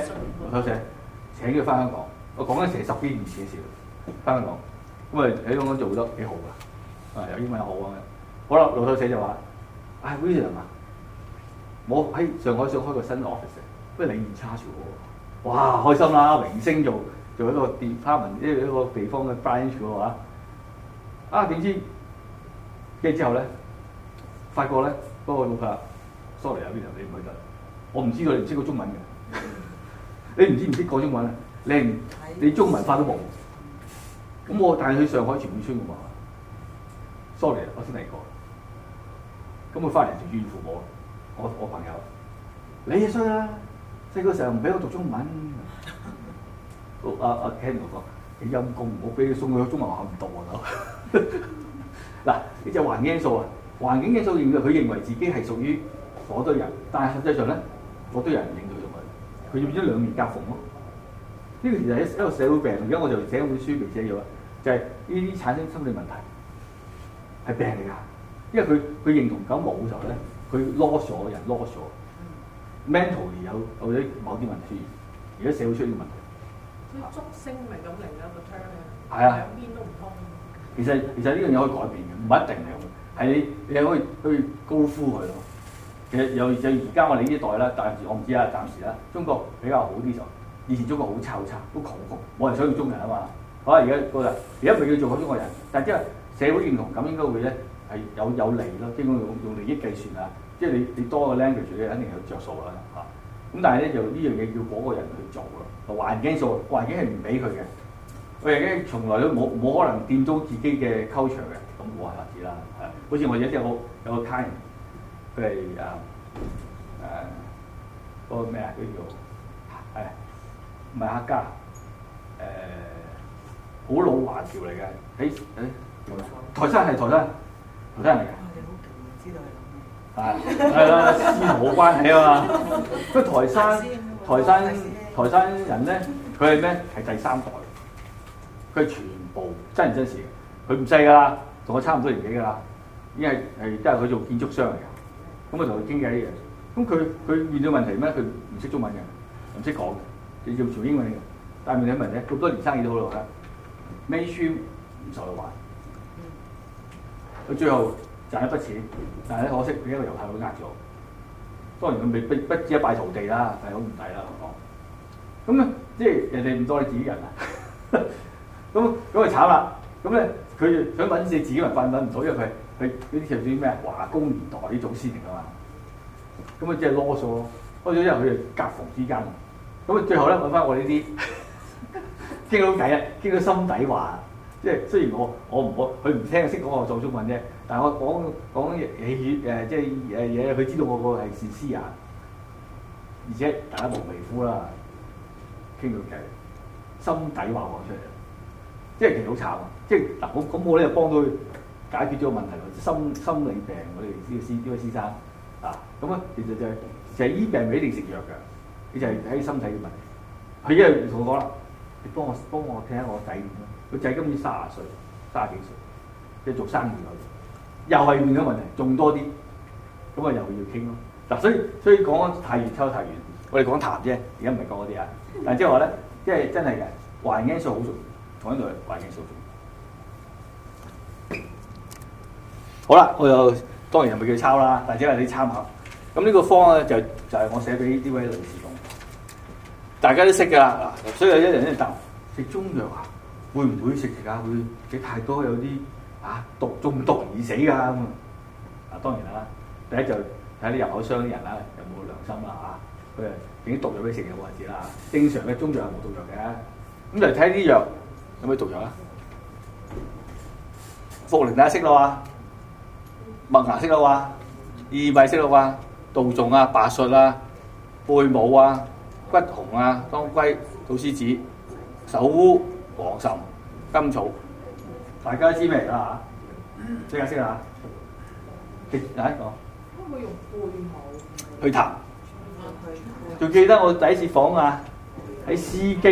老頭仔請佢翻香港，我講緊成十幾年前嘅事啦，翻香港咁啊喺香港做得幾好㗎，啊有英文又好嘅，啊，好啦，老頭仔就話啊 Vuitton 啊！哎呃我喺上海想開個新 office，不咩你唔差咗喎？哇，開心啦，明星做做一個 department，一個地方嘅 branch 喎嚇。啊，點知跟住之後咧，發覺咧嗰個顧客，sorry 啊，邊條你唔去得？我唔知道，你唔識個中文嘅，你唔知唔識講中文啊？你，你中文發都冇。咁我帶佢去上海全會村。㗎嘛？sorry，我先嚟過。咁佢翻嚟就怨父母。我我朋友，你又衰啦！細個時候唔俾我讀中文，阿阿 Ken 同我講：你陰功唔好俾佢送去中文學校唔到啊！嗱，呢 只環境因素啊，環境因素令佢認為自己係屬於火堆人，但係實際上咧，我多人認佢做鬼，佢變咗兩面夾縫咯。呢個其實係一個社會病，而家我就寫本書未寫咗，就係呢啲產生心理問題係病嚟㗎，因為佢佢認同感冇咗咧。佢囉嗦，嘅人囉嗦 ，mentally 有或者某啲問題出現，而家社會出現問題。佢足聲咪咁嚟咯，個 槍。係啊，邊都唔通。其實其實呢樣嘢可以改變嘅，唔一定係。係 你你可，你可以去高呼佢咯。其實有就而家我哋呢一代啦，暫時我唔知啊，暫時啦。中國比較好啲咗，以前中國好臭、差、好窮窮，冇人想要中國人啊嘛。好啦，而家個人而家咪要做好中國人，但即係社會認同咁應該會咧。係有有利咯，基本用用利益計算啊，即係你你多個 language 你肯定有着數啦嚇。咁但係咧就呢樣嘢要嗰個人去做咯。環境數環境係唔俾佢嘅，我已經從來都冇冇可能建中自己嘅 culture 嘅，咁冇話之啦。係,好似我有一啲有個有 i 客人，佢係誒誒嗰個咩啊叫做係唔係黑家誒古老華僑嚟嘅，喺誒台山係台山。台山知道。係係啦師徒關係啊嘛。佢、啊、台山台山台山人咧，佢係咩？係第三代，佢全部真唔真事嘅。佢唔細㗎啦，同我差唔多年紀㗎啦。因係係都係佢做建築商嚟㗎。咁、嗯、我同佢傾偈呢樣。咁佢佢遇到問題咩？佢唔識中文嘅，唔識講嘅，佢要做英文嘅。但係問題係咩咧？咁多年生意都好耐啦，咩書唔受得壞？佢最後賺一筆錢，但係呢可惜俾一個遊客佬呃咗。當然佢未不不知一敗塗地啦，但係好唔抵啦我講。咁咧即係人哋唔當你自己人啊。咁咁啊慘啦。咁咧佢想揾食自己咪揾唔到，因為佢，佢呢啲叫做咩華工年代啲祖先嚟噶嘛。咁啊即係囉嗦咯。開咗之後佢哋隔縫之間。咁啊最後咧揾翻我呢啲傾到底啊，傾到心底話。即係雖然我我唔我佢唔聽識講我做中文啫，但係我講講嘢誒，即係誒嘢，佢知道我個係善思啊，而且大家冇微夫啦，傾到偈，心底話講出嚟，即係其實好慘，即係嗱我咁我咧就幫到佢解決咗個問題啦，心心理病我哋師師呢位先生啊，咁啊其實就係就係醫病唔一定食藥嘅，佢就係喺心底嘅問題，係唔同我講啦，你幫我幫我睇下我底點啊？個仔今年卅啊歲，卅啊幾歲，即、就、係、是、做生意嗰度，又係面對問題，仲多啲，咁啊又要傾咯嗱。所以所以講太遠，抽太遠，我哋講談啫。而家唔係講嗰啲啊，但係即係話咧，即係真係嘅環境素 好，講緊度環境素好啦。我又當然又唔係叫抄啦，但係只係你參考。咁呢個方咧就是、就係、是、我寫俾呢啲位女士用，大家都識㗎啦。所以有一人一答食中藥啊。會唔會食食下會嘅太多有啲啊毒中毒而死㗎咁啊？啊當然啦，第一就睇啲入口商人啦、啊，有冇良心啦、啊、嚇？佢係點毒藥嘅食嘅患者啦。正常嘅中藥係冇毒藥嘅、啊。咁就睇啲藥有咩毒藥啦、啊。茯苓睇得識啦哇，麥芽識啦哇，薏米識啦哇，杜仲啊、白術啊、貝母啊、骨紅啊、當歸、菟絲子、首烏。黃芩、甘草，大家知未？嚟噶嗯，點解先下。第一個，因為佢用貝母去痰，仲記得我第一次講啊，喺《詩經》，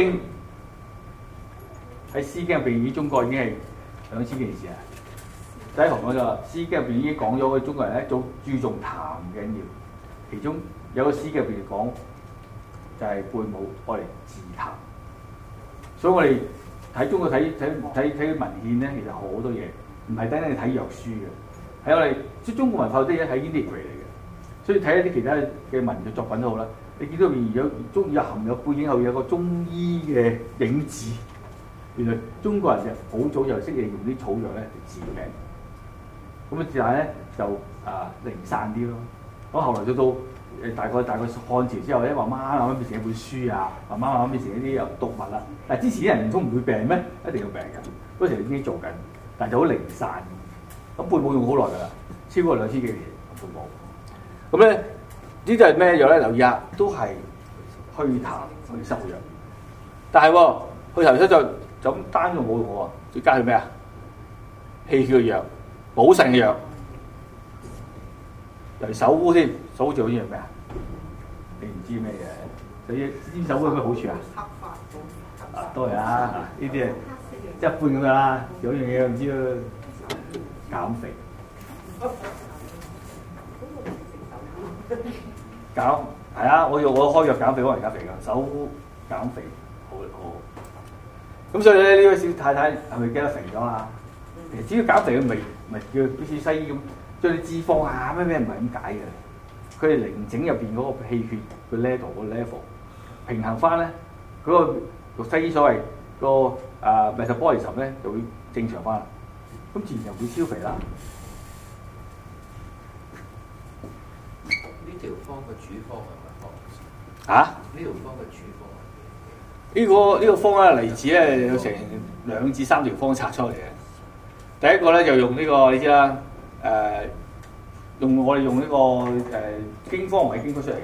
喺《詩經》入邊，以中國已經係兩千幾年事啊！第一行我就話，《詩經》入邊已經講咗，我哋中國人一重注重痰嘅緊要。其中有個《詩經》入邊講，就係、是、貝母我嚟自痰，所以我哋。喺中國睇睇睇睇文獻咧，其實好多嘢唔係等你睇藥書嘅，係我哋即係中國文化啲嘢係 integrate 嚟嘅，所以睇一啲其他嘅文嘅作品都好啦。你見到入邊有中有含有背景，後面有個中醫嘅影子，原來中國人就好早就識嘢用啲草藥咧嚟治病。咁啊，但係咧就啊零散啲咯。咁後來再到。誒大概大概漢朝之後咧，慢慢慢慢變成一本書啊，慢慢慢慢變成一啲又毒物啦。但之前啲人唔通唔會病咩？一定要病嘅。嗰時已經做緊，但係就好零散。咁背部用好耐噶啦，超過兩千幾年半部。咁咧，呢啲係咩藥咧？留意啊，都係祛痰祛濕藥。但係，祛痰祛濕就就咁單用冇用喎？再加啲咩啊？氣血藥、補腎藥，嚟首烏先。好做好呢樣咩啊？你唔知咩嘢？所以煎手菇有咩好處啊？都係啊！呢啲啊，是是一半咁樣啦。有樣嘢唔知啊，減肥。減？係、嗯嗯、啊！我用我開藥減肥，幫人減肥㗎。手菇減肥好，好。咁所以咧，呢位小太太係咪驚得肥咗啊？其實只要減肥，佢咪咪叫好似西醫咁，將啲脂肪啊咩咩唔係咁解嘅。佢哋寧整入邊嗰個氣血個 level 個 level 平衡翻咧，嗰個中西醫所謂個啊 metabolism 咧就會正常翻，咁自然就會消肥啦。呢條方嘅主方係咪啊？呢條方嘅主方？呢、呢個呢、呢個方咧嚟自咧、啊、有成兩至三條方拆出嚟嘅。第一個咧就用呢、呢個你知啦，誒、呃。用我哋用呢、這個誒經、呃、方唔係經方出嚟嘅，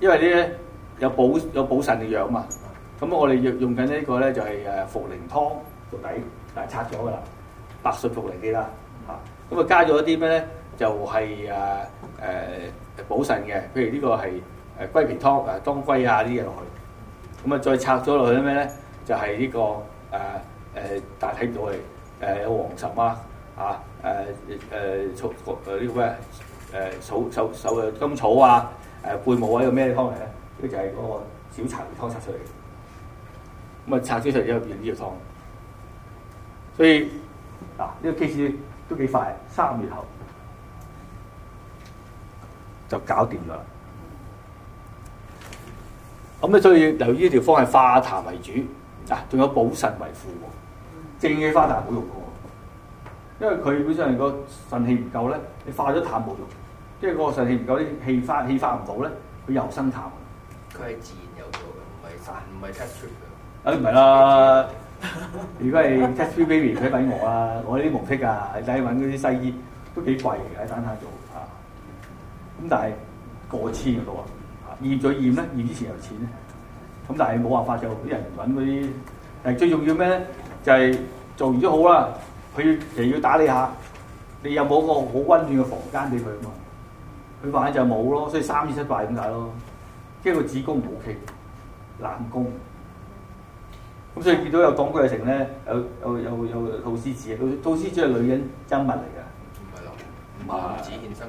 因為咧有補有補腎嘅藥啊嘛，咁我哋用用緊呢個咧就係誒茯苓湯做底，但係拆咗噶啦，白術茯苓啲啦，嚇、啊，咁啊加咗啲咩咧？就係誒誒補腎嘅，譬如呢個係誒龜皮湯啊、呃、湯當歸啊啲嘢落去，咁啊再拆咗落去啲咩咧？就係、是、呢、這個誒誒、啊呃，但係睇唔到嘅誒黃芩啊。啊！誒、啊、誒、啊、草誒呢個咩？誒、啊、草草草嘅甘草，草啊！誒貝母喺個咩湯嚟咧？呢、啊啊、就係、是、嗰個小柴胡湯拆出嚟咁啊拆出嚟有有呢條湯，所以嗱呢、啊這個機師都幾快，三月後就搞掂咗啦。咁咧，所以由呢條方係化痰為主啊，仲有補腎為輔喎。正嘅化痰好用。因為佢本身係個腎氣唔夠咧，你化咗痰冇用，即係個腎氣唔夠啲氣化氣化唔到咧，佢又生痰。佢係自然有做嘅，唔係唔係 test tube 嘅。誒唔係啦，如果係 test tube baby，佢揾我啊，我呢啲模式㗎，係使揾嗰啲西醫都幾貴嘅喺丹坦做啊。咁但係過千嘅喎，啊，驗咗驗咧，驗之前有錢咧。咁但係冇辦法就啲人揾嗰啲誒最重要咩咧？就係、是、做完都好啦。佢又要打理下，你有冇一個好溫暖嘅房間俾佢啊嘛？佢反正就冇咯，所以三次失敗咁解咯，即係個子宮唔好傾，冷宮。咁所以見到有當歸嘅成咧，有有有有菟絲子啊，菟菟絲子係女人陰物嚟嘅，唔係男，唔係只獻生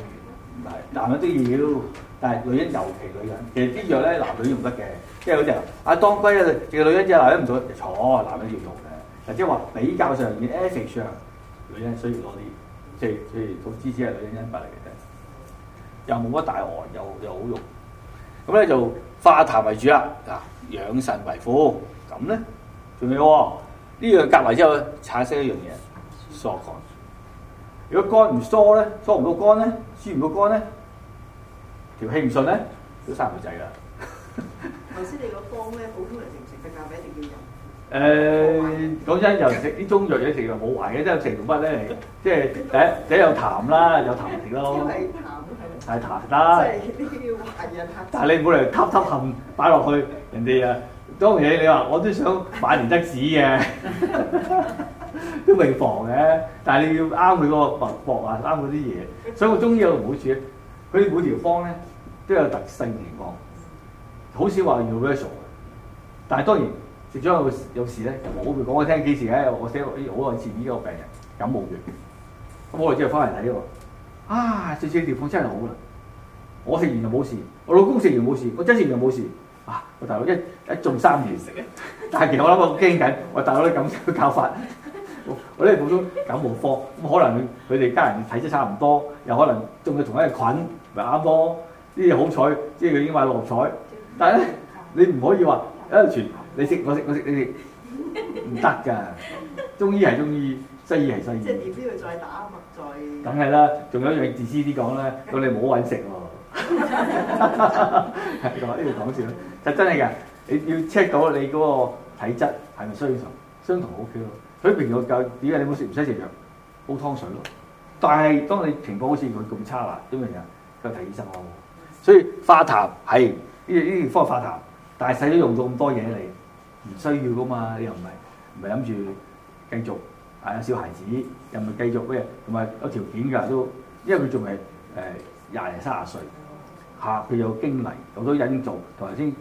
唔係男嘅都要，但係女人尤其女人，其實啲藥咧男女用得嘅，即係嗰啲啊，阿當歸啊，其實女人知，男人唔坐，坐男人要用嘅。嗱，即係話比較上嘅 ethics 上，女人需要攞啲，即係譬如投資者係女人恩物嚟嘅啫，又冇乜大汗，又又好用。咁咧就化痰為主啦，嗱，養腎為輔，咁咧仲有，呢個隔籬之後咧產生一樣嘢，疏肝。如果肝唔疏咧，疏唔到肝咧，輸唔到肝咧，條氣唔順咧，都生唔到仔㗎。頭先你個方咧，普通人食唔食得咖啡一定要飲？誒講真，又食啲中藥嘢食又冇壞嘅，即係食到乜咧？即係誒，即有痰啦，有痰食咯，係痰得，啊、即係啲壞嘢痰。但係你唔好嚟吸吸含擺落去，人哋啊，當然你話我都想百年得子嘅， 都未防嘅。但係你要啱佢嗰個脈搏啊，啱嗰啲嘢。所以我中醫有唔好説，佢啲每條方咧都有特徵情況，好少話要 versal 但係當然。食咗有有事咧，就冇佢講我聽幾時嘅？我寫個咦好耐前呢個病人感冒嘅，咁我哋之後翻嚟睇啊！最衰啲情況真係好啦，我食完就冇事，我老公食完冇事，我妻子又冇事啊！我大佬一一中三年食嘅。但係其實我諗我驚緊，我大佬啲咁嘅教法，我呢普通感冒科，咁可能佢哋家人體質差唔多，又可能中咗同一個菌，咪啱多啲好彩，即係佢已經話落彩，但係咧你唔可以話一傳。你識我識我識你識，唔得㗎！中醫係中醫，西醫係西醫。即係點都要再打，再。梗係啦，仲有一樣自私啲講咧，咁你唔好揾食喎。呢度講笑，笑，就真係㗎，你要 check 到你嗰個體質係咪虛㗎？虛㗎 O K 喎。佢平時我教點解你冇食唔使食藥，煲湯水咯。但係當你情況好似佢咁差啦，點樣㗎？要睇醫生喎。所以化痰係呢呢方法化痰，但係使咗用咗咁多嘢嚟。唔需要噶嘛？你又唔係唔係諗住繼續啊？小孩子又唔係繼續咩？同埋有條件㗎都，因為佢仲係誒廿零三十歲嚇，佢、啊、有經歷，有咗人做同埋先。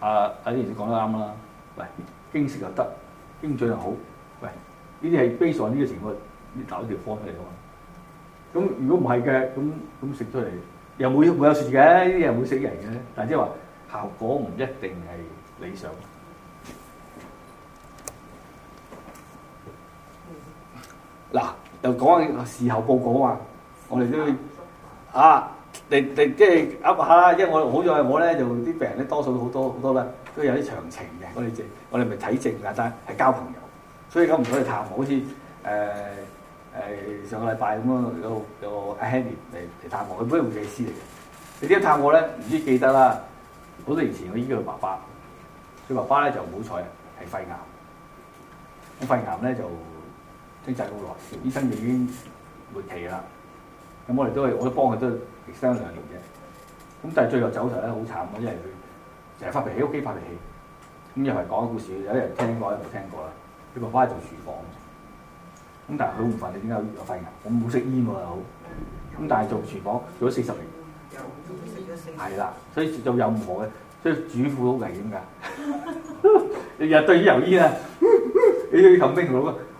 阿阿呢件事講得啱啦。喂，經適又得，經濟又好。喂，呢啲係 basic 呢個情況，你攪條方出嚟啊嘛。咁如果唔係嘅，咁咁食出嚟又會會有蝕嘅，呢啲又會死人嘅。但係即係話效果唔一定係理想。嗱，又講事後報告啊！我哋都啊，你你即係噏下啦，因為我好在我咧就啲病人咧多數都好多好多啦，都有啲長情嘅。我哋我哋咪睇症簡單，係交朋友。所以咁唔同你探我，好似誒誒上個禮拜咁樣，有有阿 Henry 嚟嚟探我，佢本身會計師嚟嘅。你點解探我咧？唔知記得啦。好多年前我依家佢爸爸，佢爸爸咧就唔好彩係肺癌，咁肺癌咧就。經濟好落潮，醫生已經末期啦。咁我哋都係，我都幫佢都生咗兩年啫。咁但係最後走曬咧，好慘嘅，因為佢成日發脾氣，屋企發脾氣。咁又係講個故事，有啲人聽過，有啲人冇聽過啦。佢個媽做廚房，咁但係佢唔你點解有醫藥費嘅？我冇食煙喎、啊、又好。咁但係做廚房做咗四十年，係啦，所以做又唔好嘅。所以主婦好危險㗎。日 日對油煙又煙啊！你要氹邊條路啊？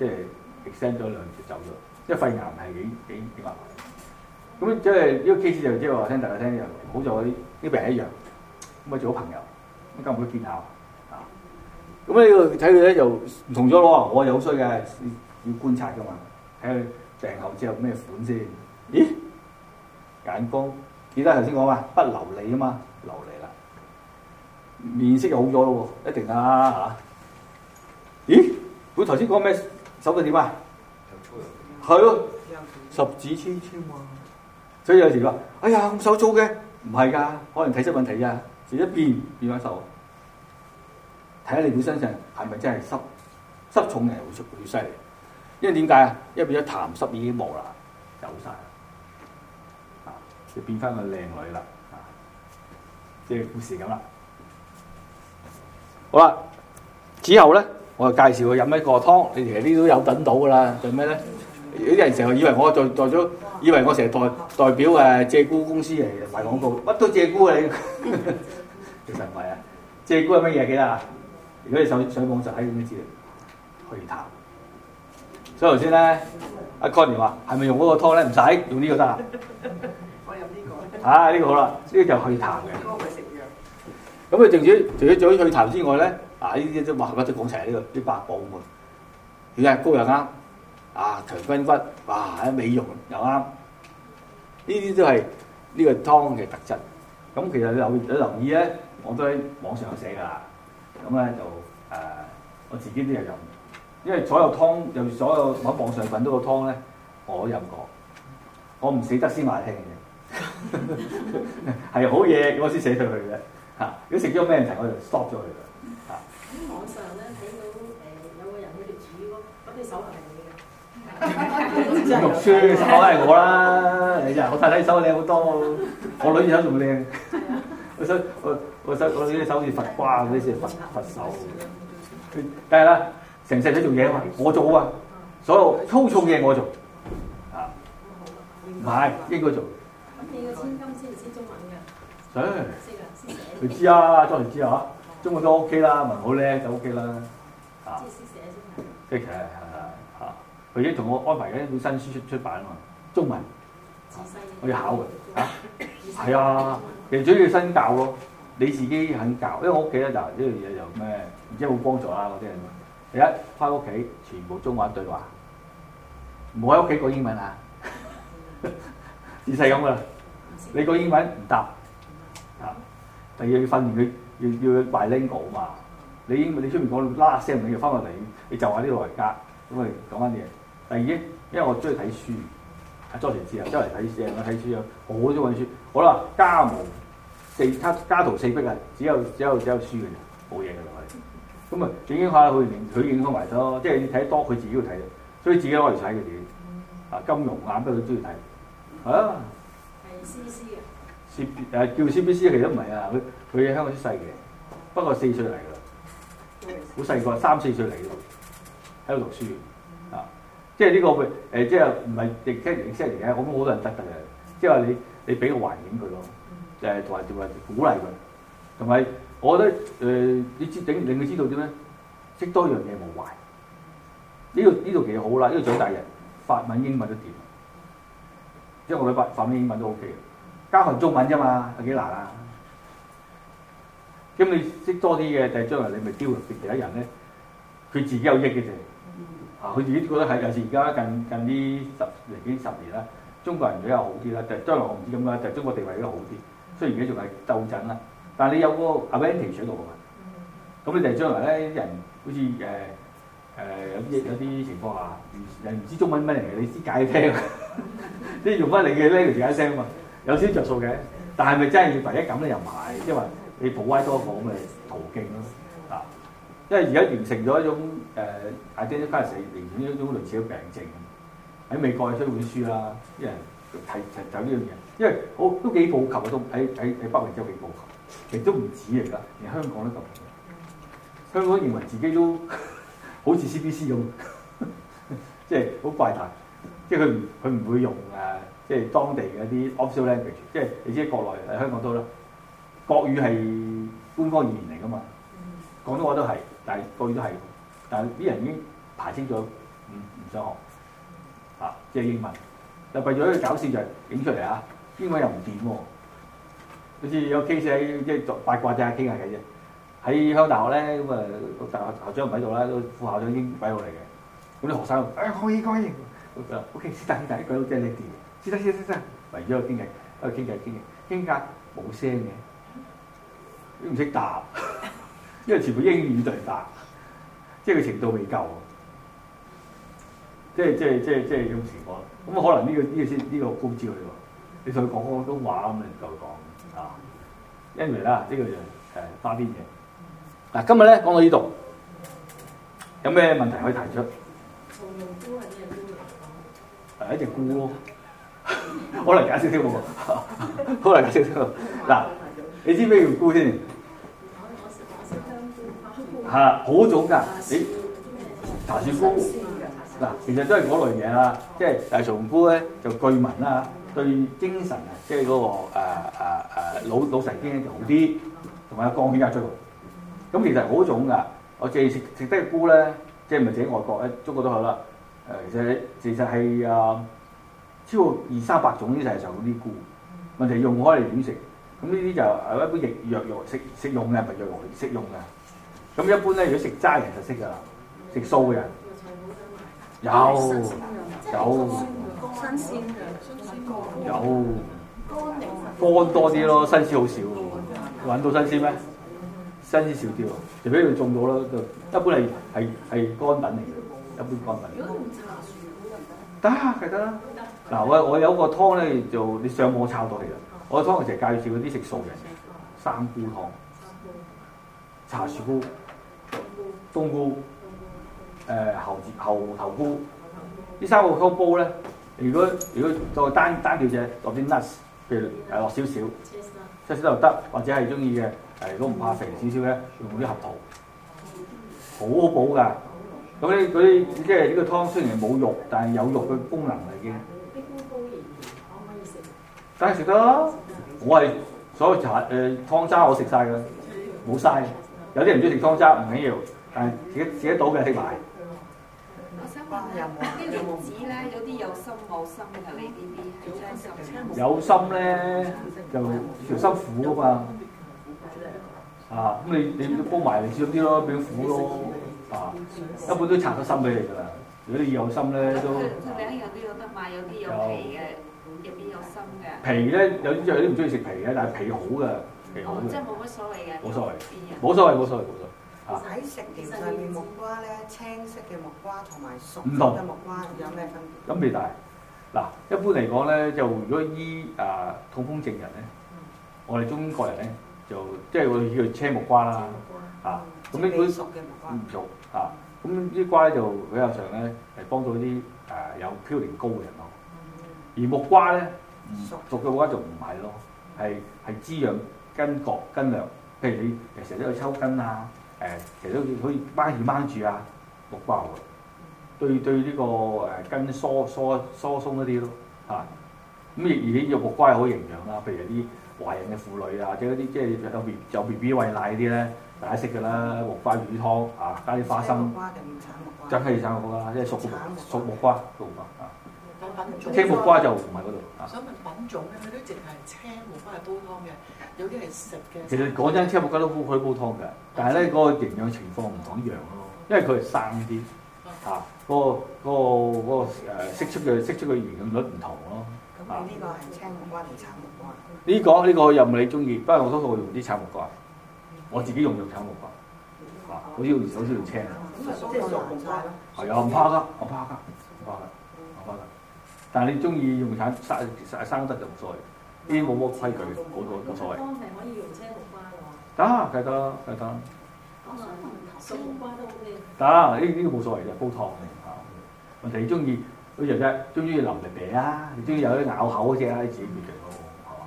即係 extend 咗兩隻走咗，即係肺癌係幾幾麻煩。咁即係呢、這個 case 就即係話聽大家聽，又好在啲啲病一樣，咁啊做好朋友，咁今日佢見效啊。咁呢個睇佢咧又唔同咗咯。我又好衰嘅，要觀察㗎嘛，睇佢病後之後咩款先？咦，眼光記得頭先講話嘛，不流利啊嘛，流利啦。面色又好咗咯喎，一定啦，嚇、啊。咦，佢頭先講咩？手度點啊？又粗啊！係咯，十指纖纖啊！所以有時話：哎呀，咁手粗嘅，唔係㗎，可能體質問題啊。自己變變翻手，睇下你本身上係咪真係濕濕重嘅人會出好犀利。因為點解啊？因為變咗痰濕已經冇啦，走曬啊！就變翻個靚女啦啊！即係故事咁啦。好啦，之後呢。我介紹佢飲一個湯，你其實呢都有等到㗎啦。做咩咧？有啲人成日以為我代代咗，以為我成日代代表誒借估公司嚟賣廣告，乜都借估你。 其實唔係啊，借估係乜嘢嘅啦？如果你上上網就喺度咩知，去痰。所以頭先咧，阿康年話係咪用嗰個湯咧？唔使用呢個得、這個、啊。我飲呢個。啊，呢個好啦，呢、這個、就去痰嘅。咁佢淨止淨止除咗祛痰之外咧。啊！呢啲都話乜都講齊呢個啲八寶門，血壓高又啱，啊強筋骨，哇！喺美容又啱，呢啲都係呢個湯嘅特質。咁其實你有留意咧，我都喺網上寫噶啦。咁咧就誒，我自己都有飲，因為所有湯，就所有喺網上揾到個湯咧，我飲過，我唔死得先話聽嘅，係好嘢我先死對佢嘅。嚇！如果食咗咩就我就 stop 咗佢啦。讀書手係我啦，你呀我睇睇手靚好多，我女啲手仲靚，我手我我手我女啲手好似佛瓜嗰啲似佛佛手，梗係啦，成世仔做嘢啊嘛，我做啊，所有粗重嘢我做，啊，唔係應該做。咁你個千金識唔識中文噶？識 啊，識寫。 佢知啊，當然知啊，中文都 OK 啦，文好叻就 OK 啦，即係識寫先。識啊。佢已經同我安排緊一本新書出出版啊嘛，中文，我要考嘅。嚇，係 啊，啊，其實主要新教咯，你自己肯教，因為我屋企咧就呢樣嘢就咩，唔知好幫助啦嗰啲。第一翻屋企全部中文對話，唔好喺屋企講英文啊，自細咁噶啦，你講英文唔答。啊，第二要訓練佢要要拜 lingo 啊嘛，你英文，你出面講拉聲，你又翻落嚟，你就話啲老人家咁咪講翻嘢。嗯第二，因為我中意睇書，阿莊成志啊，周圍睇正啊，睇書啊，好中意睇書。好啦，家無四，家徒四壁啊，只有只有只有書嘅，冇嘢嘅就係。咁啊，已經下佢，佢影響埋咗，即係你睇多，佢自己會睇。所以自己可以睇嘅電影，啊，金融眼都係佢中意睇。嚇、啊，係 C B C 啊？C 叫 C B C，其實唔係啊，佢佢喺香港出世嘅，不過四歲嚟噶啦，好細個，三四歲嚟嘅喺度讀書。即係呢，這個會誒，呃，即係唔係認識認識嚟嘅。咁好多人得㗎啫。即係話你你俾個環境佢咯，誒同埋同埋鼓勵佢，同埋我覺得誒你知整令佢知道點咧，識多樣嘢無壞。呢，這個呢度幾好啦，呢度長大人法文英文都掂，即係我哋法文英文都 OK 嘅，加學中文啫嘛，有幾難啊？咁你識多啲嘅，第將來你咪超越別其他人咧，佢自己有益嘅啫。啊！佢自己覺得係，有時而家近近呢十零幾十年咧，中國人比較好啲啦。就將來我唔知咁啦，就中國地位比較好啲。雖然而家仲係鬥陣啦，但係你有個 advantage 喺度㗎嘛。咁你就將來咧，啲人好似誒誒有啲有啲情況下，人唔知中文乜嚟嘅，你先解聽。即係用翻你嘅呢個假聲嘛，有少少着數嘅。但係咪真係要唯一咁咧？又唔係，即係話你補歪多個咁嘅途徑咯。因為而家完成咗一種誒 a d d i 加成，uh, ified, 形成一種類似嘅病症。喺美國出本書啦，啲人睇就就呢樣嘢。因為好都幾普及都喺喺喺北美洲幾普及，亦都唔止嚟噶，連香港都咁。香港認為自己都呵呵好似 CBC 咁，即係好怪痰。即係佢唔佢唔會用誒，即係當地嘅一啲 official language。即係你知國內，國內喺香港多啦，國語係官方語言嚟㗎嘛，廣東話都係。但係個都係，但係啲人已經排清咗，唔唔想學啊！即係英文，就為咗一個搞笑就影出嚟啊！英文又唔掂喎，好似有 case 喺即係作八卦啫，傾下偈啫。喺香港大學咧，咁啊個校校長唔喺度啦，個副校長已經擺落嚟嘅。咁啲學生誒可以講嘢，O K，師大師大，呢個都真係叻啲嘅。師大師大師大，圍住一個傾偈，一個傾偈傾偈傾偈冇聲嘅，都唔識答。因為全部英語對白，即係佢程度未夠，即係即係即係即係呢種情況。咁可能呢、呢個呢、呢個先呢個高招嚟你同佢講廣東話咁唔教佢講啊。因為咧，呢個就誒花邊嘅。嗱，今日咧講到呢度，有咩問題可以提出？ 一定菇咯，可能解釋啲好，可能解釋啲嗱，你知咩叫菇先？吓，好種㗎，你茶樹菇嗱，其實都係嗰類嘢啦，即係、哦、大蟲菇咧就據聞啦，對精神啊，即係嗰個誒誒誒腦腦神經咧就好啲，同埋降血壓最好。咁其實好種㗎，我淨係食食啲菇咧，即係咪係只外國咧，中國都好啦。誒，其實其實係誒、嗯、超過二三百種呢，就係上嗰啲菇。問題用開嚟點食？咁呢啲就係、是、一般藥，藥用食食用嘅，唔係藥用食用嘅。咁一般咧，如果食齋人就識噶啦，食素嘅人有有。新鮮嘅，有。乾多啲咯，新鮮好少，揾到新鮮咩？新鮮少啲喎，就畀佢種到啦，就一般嚟係係乾品嚟嘅，一般乾品。乾品如果用茶樹菇又得？得，係得。嗱，我我有個湯咧，就你上網抄到嚟嘅。我個湯成介紹嗰啲食素嘅人，生菇湯，茶樹菇。冬菇、誒猴猴頭菇，呢三個湯煲咧，如果如果再單單調啲，落啲 nuts，譬如誒落少少，少少又得，或者係中意嘅誒，如果唔怕食，少少咧，用啲核桃，好好補噶。咁咧嗰啲即係呢個湯雖然冇肉，但係有肉嘅功能嚟嘅。可唔可以食？梗係食得啦，我係所有茶誒湯、呃、渣我食晒嘅，冇嘥。有啲人唔中意食湯渣唔緊要，但係自己自己倒嘅食埋。有心冇心？有啲有心嘅。有心咧就條心苦噶嘛，啊咁你你煲埋你少啲咯，比較苦咯，啊一般都拆咗心俾你噶啦。如果你有心咧都。嗯、兩樣都有得賣，有啲有皮嘅，有啲有心嘅。皮咧有啲唔中意食皮嘅，但係皮好噶。我真係冇乜所謂嘅，冇所謂，冇所謂，冇所謂，冇所謂。喺食其實木瓜咧，青色嘅木瓜同埋熟嘅木瓜有咩分別？咁未大。嗱，一般嚟講咧，就如果醫啊痛風症人咧，我哋中國人咧就即係會叫青木瓜啦，嚇。咁呢款熟嘅木瓜，唔熟啊。咁啲瓜咧就比較常咧係幫到啲誒有嘌呤高嘅人咯。而木瓜咧，熟嘅木瓜就唔係咯，係係滋養。筋骨筋涼，譬如你誒成日都去抽筋啊，誒其實都可以掹住掹住啊，木瓜喎，對呢、呢個誒筋疏疏疏鬆一啲咯嚇。咁、啊、而而且木瓜係好營養啦，譬如啲華人嘅婦女啊，或者啲即係有面有 B B 餵奶啲咧，大家食㗎啦，木瓜魚湯嚇、啊，加啲花生。木瓜梗係生好啦，即係熟熟木瓜木瓜，青木瓜就唔喺嗰度。我想問品種咧，佢都淨係青木瓜係煲湯嘅，有啲係食嘅。其實講真，青木瓜都可以煲湯嘅，但係咧嗰個營養情況唔同一樣咯，因為佢係生啲嚇，嗰個嗰個嗰個誒釋出嘅釋出嘅營養率唔同咯。咁呢個係青木瓜定橙木瓜？呢個呢個又唔係你中意，不過我都好用啲橙木瓜，我自己用用橙木瓜，我用我先用青。咁啊，即係熟木瓜咯。係啊，唔怕㗎，我唔怕㗎，但係你中意用剷剷剷生得就唔所謂，呢啲冇乜規矩，好多冇所謂。湯係可以用青木瓜㗎喎。得，記得記得。糖水同木瓜都好得，呢呢個冇所謂嘅，煲湯嘅嚇。問題你中意，好似啫，中唔中意流力病啊？你中意有啲咬口嗰隻閪子，別提咯，係嘛？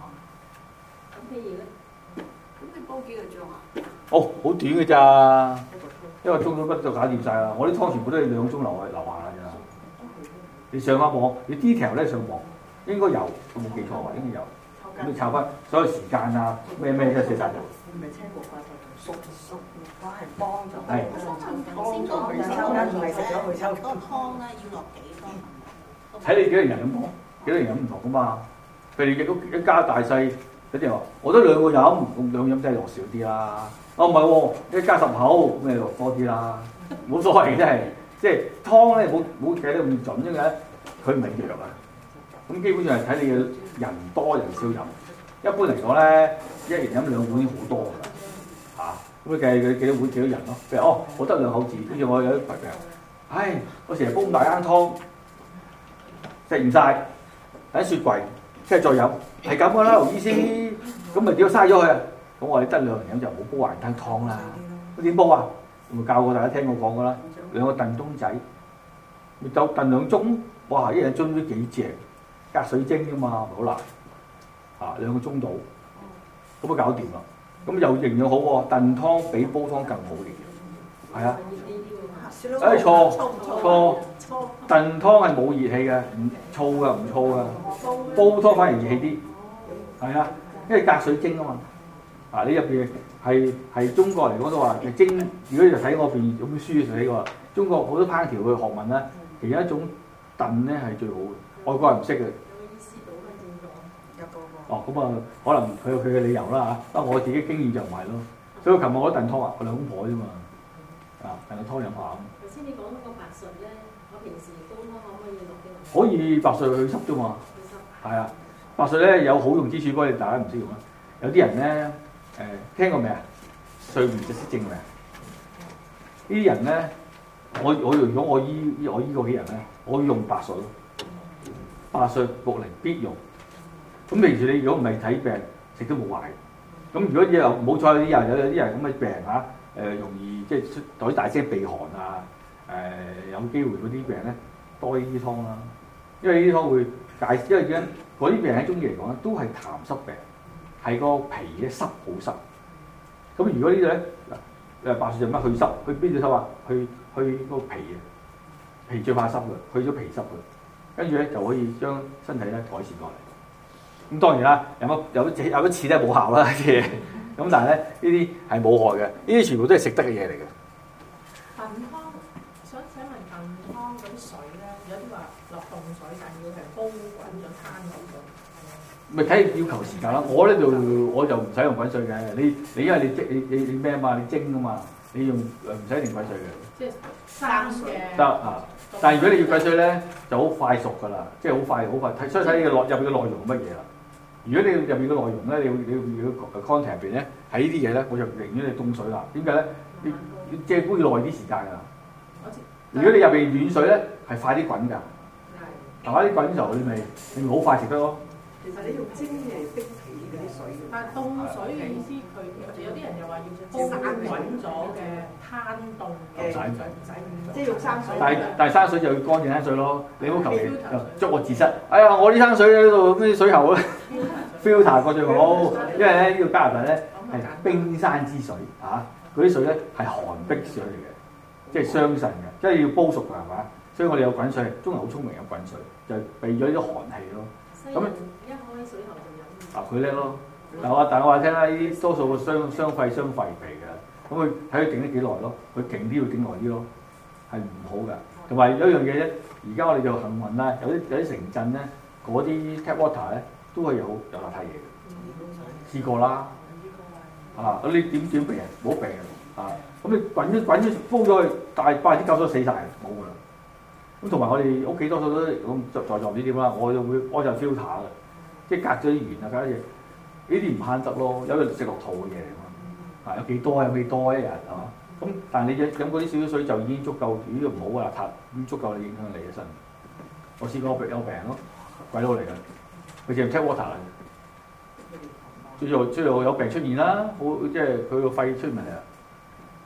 咁譬如咧，咁你煲幾個鐘啊？哦，好短嘅咋，一個鐘都不就搞掂晒啦。我啲湯全部都係兩鐘流去流埋你上下網，你 detail 咧上網，應該有，我冇記錯喎，應該有。咁抽間 你查翻所有時間啊，咩咩寫晒。八。唔係青蘿蔔同粟粟，瓜係方就係。係是。方就去抽，唔係食咗去抽。多湯咧，要落幾多？睇你幾多人飲湯，幾多人飲唔同噶嘛。譬如你一家大細，佢哋話，我得兩個人，咁兩飲真係落少啲啦、啊。哦唔係，一家十口，咁你落多啲啦、啊，冇所謂真係。即係湯咧，冇冇計得咁準，因為咧，佢唔係藥啊。咁基本上係睇你嘅人多人少飲。一般嚟講咧，一人飲兩碗已經好多㗎啦。嚇、啊，咁佢計佢幾多碗幾多人咯？譬如哦，我得兩口子，跟住我有啲疾病，唉，我成日煲大羹湯，食唔晒，喺雪櫃，聽日再飲，係咁㗎啦，意思，咁咪點嘥咗佢啊！咁我哋得兩人飲就唔好煲埋一羹湯啦。咁點煲啊？咪教過大家聽我講噶啦，兩個燉盅仔，咪就燉兩盅，哇！一日樽都幾正，隔水蒸啫嘛，好啦，啊，兩個鐘度，咁啊搞掂啦。咁又營養好喎，燉湯比煲湯更好啲，係啊。誒錯錯錯，燉湯係冇熱氣嘅，唔燥噶，唔燥噶，煲湯反而熱氣啲，係啊，因為隔水蒸啊嘛。啊！呢入邊係係中國嚟講都話係精，如果就睇我邊本書寫喎，中國好多烹調嘅學問咧，其中一種燉咧係最好嘅，嗯、外國人唔識嘅。有個意思到都認個個。哦，咁啊，可能佢有佢嘅理由啦嚇，不過我自己經驗就唔係咯。所以我琴日我一燉湯啊，佢兩公婆啫嘛，啊燉個湯兩下咁。頭先你講嗰個白術咧，我平時煲湯可唔可以落啲？可以，白術去濕啫嘛，係啊，白術咧有好用之處，不過你大家唔識用啊，有啲人咧。誒聽過未啊？睡眠窒息症未呢啲人咧，我我如果我醫我醫過啲人咧，我，我，我，我，呢我用白水，白水歲薄荷必用。咁平時你如果唔係睇病，食都冇壞。咁如果啲人冇錯，啲人有啲人咁嘅病嚇，誒、呃、容易即係出或大聲鼻鼾啊，誒、呃、有機會嗰啲病咧多醫啲湯啦，因為呢啲湯會解，因為而家我啲病喺中醫嚟講咧都係痰濕病。係個脾咧濕好濕，咁如果呢度咧，嗱，白術做乜去濕？去邊度濕啊？去去個脾啊，脾最怕濕嘅，去咗脾濕嘅，跟住咧就可以將身體咧改善過嚟。咁當然啦，有冇有啲有啲次咧冇效啦，啲嘢。咁但係咧，呢啲係冇害嘅，呢啲全部都係食得嘅嘢嚟嘅。咪睇要求時間啦！我咧就我就唔使用，用滾水嘅。你你因為你蒸你你你咩啊嘛？你蒸啊嘛？你用唔使用滾水嘅。即生水。得啊！但係如果你要滾水咧，就好快熟㗎啦，即係好快好快。睇所以睇你內入面嘅內容乜嘢啦。如果你入面嘅內容咧，你你你 content 入邊咧係呢啲嘢咧，我就寧願你凍水啦。點解咧？你你即係要耐啲時間啊！如果你入面暖水咧，係快啲滾㗎。係的。係嘛？啲滾時候，你咪，你咪好快食得咯。其實你要蒸嚟逼起嗰啲水。但係凍水嘅意思，佢有啲人又話要煲滾咗嘅攤凍嘅。即係用、就是、要生水。但係但係生水就要乾淨生水咯。你好求其，祝水我自殺。哎呀，我呢生水喺度啲水喉咧？Filter 過最好，因為咧呢個加拿大咧係冰山之水嚇，嗰、啊、啲水咧係寒冰水嚟嘅，即係傷腎嘅，即係要煲熟㗎係嘛？所以我哋有滾水，中國人好聰明有滾水，就避咗呢啲寒氣咯。咁。啊！佢叻咯，嗱我但我話聽咧，依啲多數個傷傷肺、傷肺鼻嘅，咁佢睇佢整咗幾耐咯，佢勁啲要停耐啲咯，係唔好嘅。同埋有一樣嘢咧，而家我哋就幸運啦，有啲有啲城鎮咧，嗰啲 tap water 咧都係有有邋遢嘢嘅。試過啦，啊！你點點病，病？唔好病啊！咁你滾一滾一煲咗去，大百分之九十九死曬冇噶啦。咁同埋我哋屋企多數都咁在在在唔知點啦，我就會安裝 filter 嘅。即係隔咗啲鹽啊，隔啲嘢，呢啲唔慳得咯，有個食落肚嘅嘢嚟嘛，嗱、啊，有幾多有幾多、啊、一日係嘛？咁但係你飲嗰啲少少水就已經足夠，已經唔好話攤，已經足夠影響你一身。我試過有病，有病咯，鬼佬嚟㗎，佢淨飲 tap water 嚟嘅。最後最後有病出現啦，好即係佢個肺出問題啊。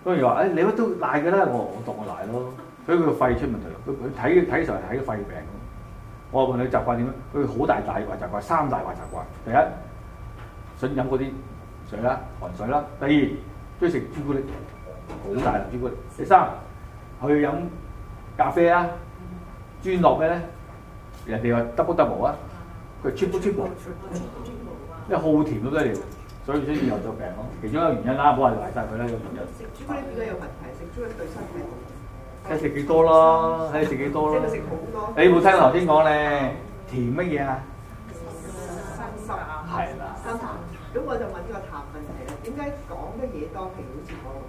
所以話誒，你乜都瀨㗎啦，我我當我瀨咯，所以佢個肺出問題。佢佢睇睇時候睇個肺病。我問你習慣點樣？佢好大大壞習慣，三大壞習慣。第一，想飲嗰啲水啦、鹹水啦。第二，中意食朱古力，好大粒朱古力。第三，去飲咖啡啊，專落咩咧？人哋話 double double 啊，佢 triple triple，因為好甜都得嘅，所以所以然後就病咯。其中一個原因啦，唔好賴晒佢啦。有食朱古力比較有問題，食朱古力對身體。睇食幾多咯，睇食幾多咯。你冇聽我頭先講咧？甜乜嘢啊？濕啊。係啦。痰。咁我就問呢個痰問題咧，點解講乜嘢多，脾好似我？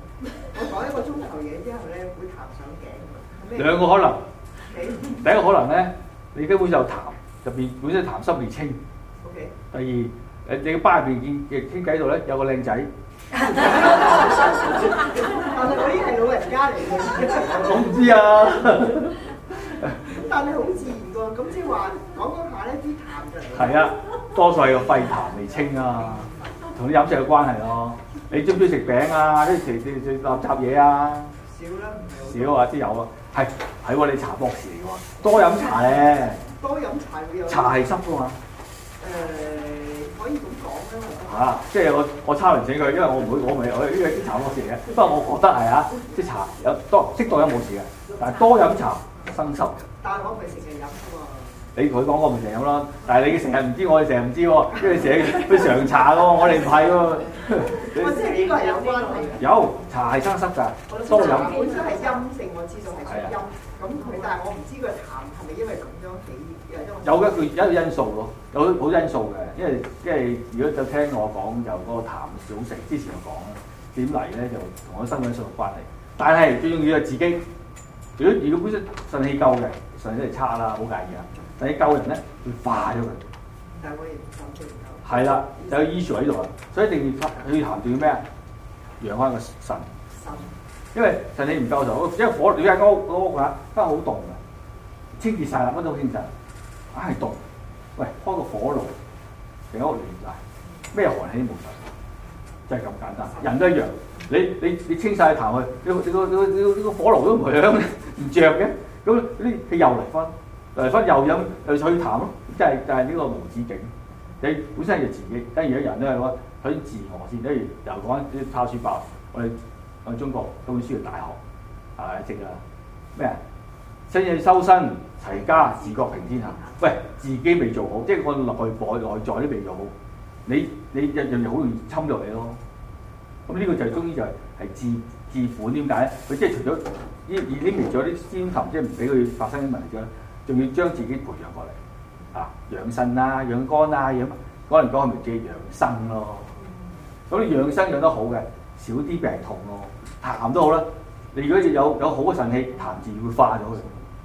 我講一個鐘頭嘢之後咧，會痰上頸。係咩？兩個可能。第一個可能咧，你根本就痰入邊本身痰濕未清。O K。第二，誒你個班入邊見傾偈度咧，有個靚仔。 但係嗰啲係老人家嚟嘅，我唔知啊。但係好自然喎，咁即係話講講下咧啲痰㗎啦。係 啊，多數係個肺痰未清啊，同你飲食嘅關係咯、啊。你中唔中意食餅啊？啲食食食垃圾嘢啊？少啦，少啊，少啊，啲有啊。係係喎，你茶博士？多飲茶咧。多飲茶會有茶濕、啊。茶係濕㗎嘛？誒。可以咁講咩？嚇、啊！即係我我差人請佢，因為我唔會，我咪，我係呢啲茶我事嘅。不過我覺得係啊，啲茶有多適當飲冇事嘅，但係多飲茶生濕。但係我唔係成日飲㗎嘛。你佢講、 啊、我唔成日飲咯，但係你成日唔知，我哋成日唔知喎，跟住成日去常茶咯，我哋唔係喎。我知呢個係有關係嘅。有茶係生濕㗎，多飲。本身係陰性，我知道係陰。咁佢，但係我唔知佢痰係咪因為咁樣起。有一個一個因素咯，有好多因素嘅，因為因為如果就聽我講就嗰個談小食之前我講咧點嚟咧就同我嘅身體素質關係，但係最重要就自己，如果如果本身腎氣夠嘅，腎氣差啦好介意啊，但係救人咧會化咗佢，但係我亦唔受係啦，有醫術喺度啊，所以一定要要涵養咩啊？養翻個腎。腎。因為腎氣唔夠就因為火，如果係高高嘅話，真係好凍嘅，清熱晒啦，乜都清曬。硬係凍，喂，開個火爐，成屋暖曬，咩寒氣冇曬，真係咁簡單。人都，清清都一樣，你你你清曬痰去，你個你個你個火爐都唔響，唔着嘅，咁你佢又嚟返，嚟返又飲去去痰咯，即係就係、係、呢個無止境。你本身係自己，跟住有人都係講佢自何先，例如又講啲抄雪白，我哋我哋中國讀本書係大學，係正啊咩？啊？先要修身。齊家治國平天下，喂，自己未做好，即係個內部內在都未做好，你你日日又好容易侵入你咯。咁、這、呢個就係中醫就係係治治本點解咧？佢即係除咗依依啲微，仲啲先頭，即係唔俾佢發生啲問題咗，仲要將自己培養過嚟啊，養腎啦，養肝啦、啊，咁嗰陣講咪叫養生咯、啊。咁、嗯、你養生養得好嘅，少啲病痛咯，痰都好啦。你如果有有好嘅腎氣，痰自然會化咗去。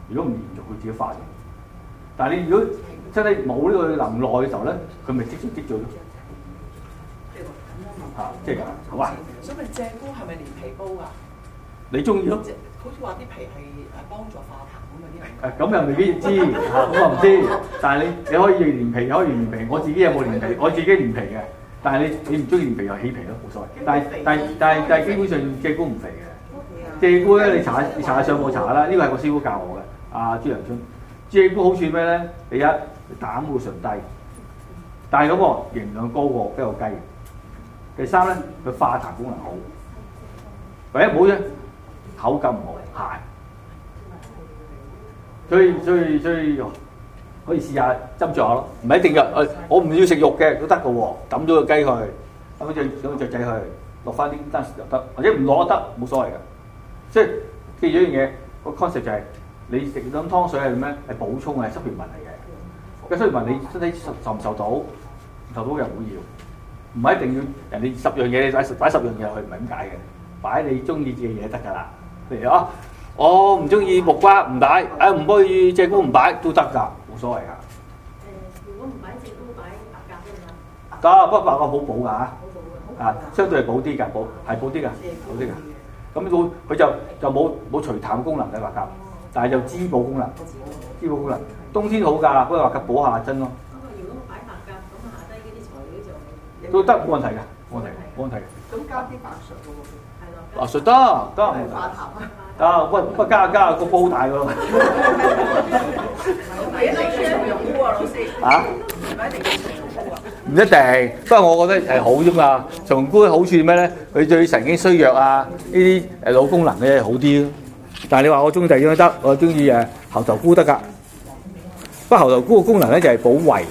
如果唔連續佢自己發嘅，但係你如果真係冇呢個能耐嘅時候咧，佢咪積聚積聚咯。嚇，即係，好啊。想問借菇係咪連皮煲啊？你中意咯。好似話啲皮係誒幫助化痰咁啊啲人。誒咁又未必知，我唔知。但係你你可以連皮，可以唔連皮。我自己有冇連皮？我自己連皮嘅。但係你你唔中意連皮又起皮咯，冇所謂。但係但係但係但係基本上借菇唔肥嘅。借菇咧，你查下你查下上網查下啦。呢個係我師傅教我嘅。阿朱良春，朱都好似咩咧？第一膽固醇低，但係咁喎營養高喎，比較雞。第三咧，佢化痰功能好。唯一冇啫，口感唔好，鹹。所以所以所以可以試下斟酌下咯，唔一定嘅。我我唔要食肉嘅都得嘅喎，抌咗個雞去，抌咗隻仔去，落翻啲單食就得，或者唔攞得冇所謂嘅。即係記住一樣嘢，個 concept 就係、是。你食飲湯水係咩？係補充嘅，係濕血紋嚟嘅。咁濕血紋你身體受唔受到？受到又唔會要，唔係一定要人哋十樣嘢擺十擺十樣嘢去，唔係咁解嘅。擺你中意嘅嘢得㗎啦。譬如啊，我唔中意木瓜，唔擺；嗯、擺啊，唔可以借膏，唔擺，都得㗎，冇所謂㗎。誒，如果唔擺蔗膏，擺白鴿都得。得、啊，白鴿好補㗎嚇。好、啊、相對係補啲㗎，補係補啲㗎，補啲㗎。咁佢就就冇冇除痰功能嘅白鴿。但係有滋補功能，滋補功能，冬天好㗎，不過話吸補下真咯。咁如果擺白鴿，咁下低啲材料就都得冇問題㗎，冇問題，冇問題，咁加啲白芍嘅喎，係咯。白芍得得。化痰啊嘛。啊喂，加啊加啊，個煲好大㗎。唔一定用啊，老師。啊？唔一定，不過我覺得係好啲嘛。從烏好處咩咧？佢對神經衰弱啊，呢啲誒腦功能咧好啲。但係你話我中意第二樣得，我中意誒猴頭菇得㗎。不過猴頭菇嘅功能咧就係保胃。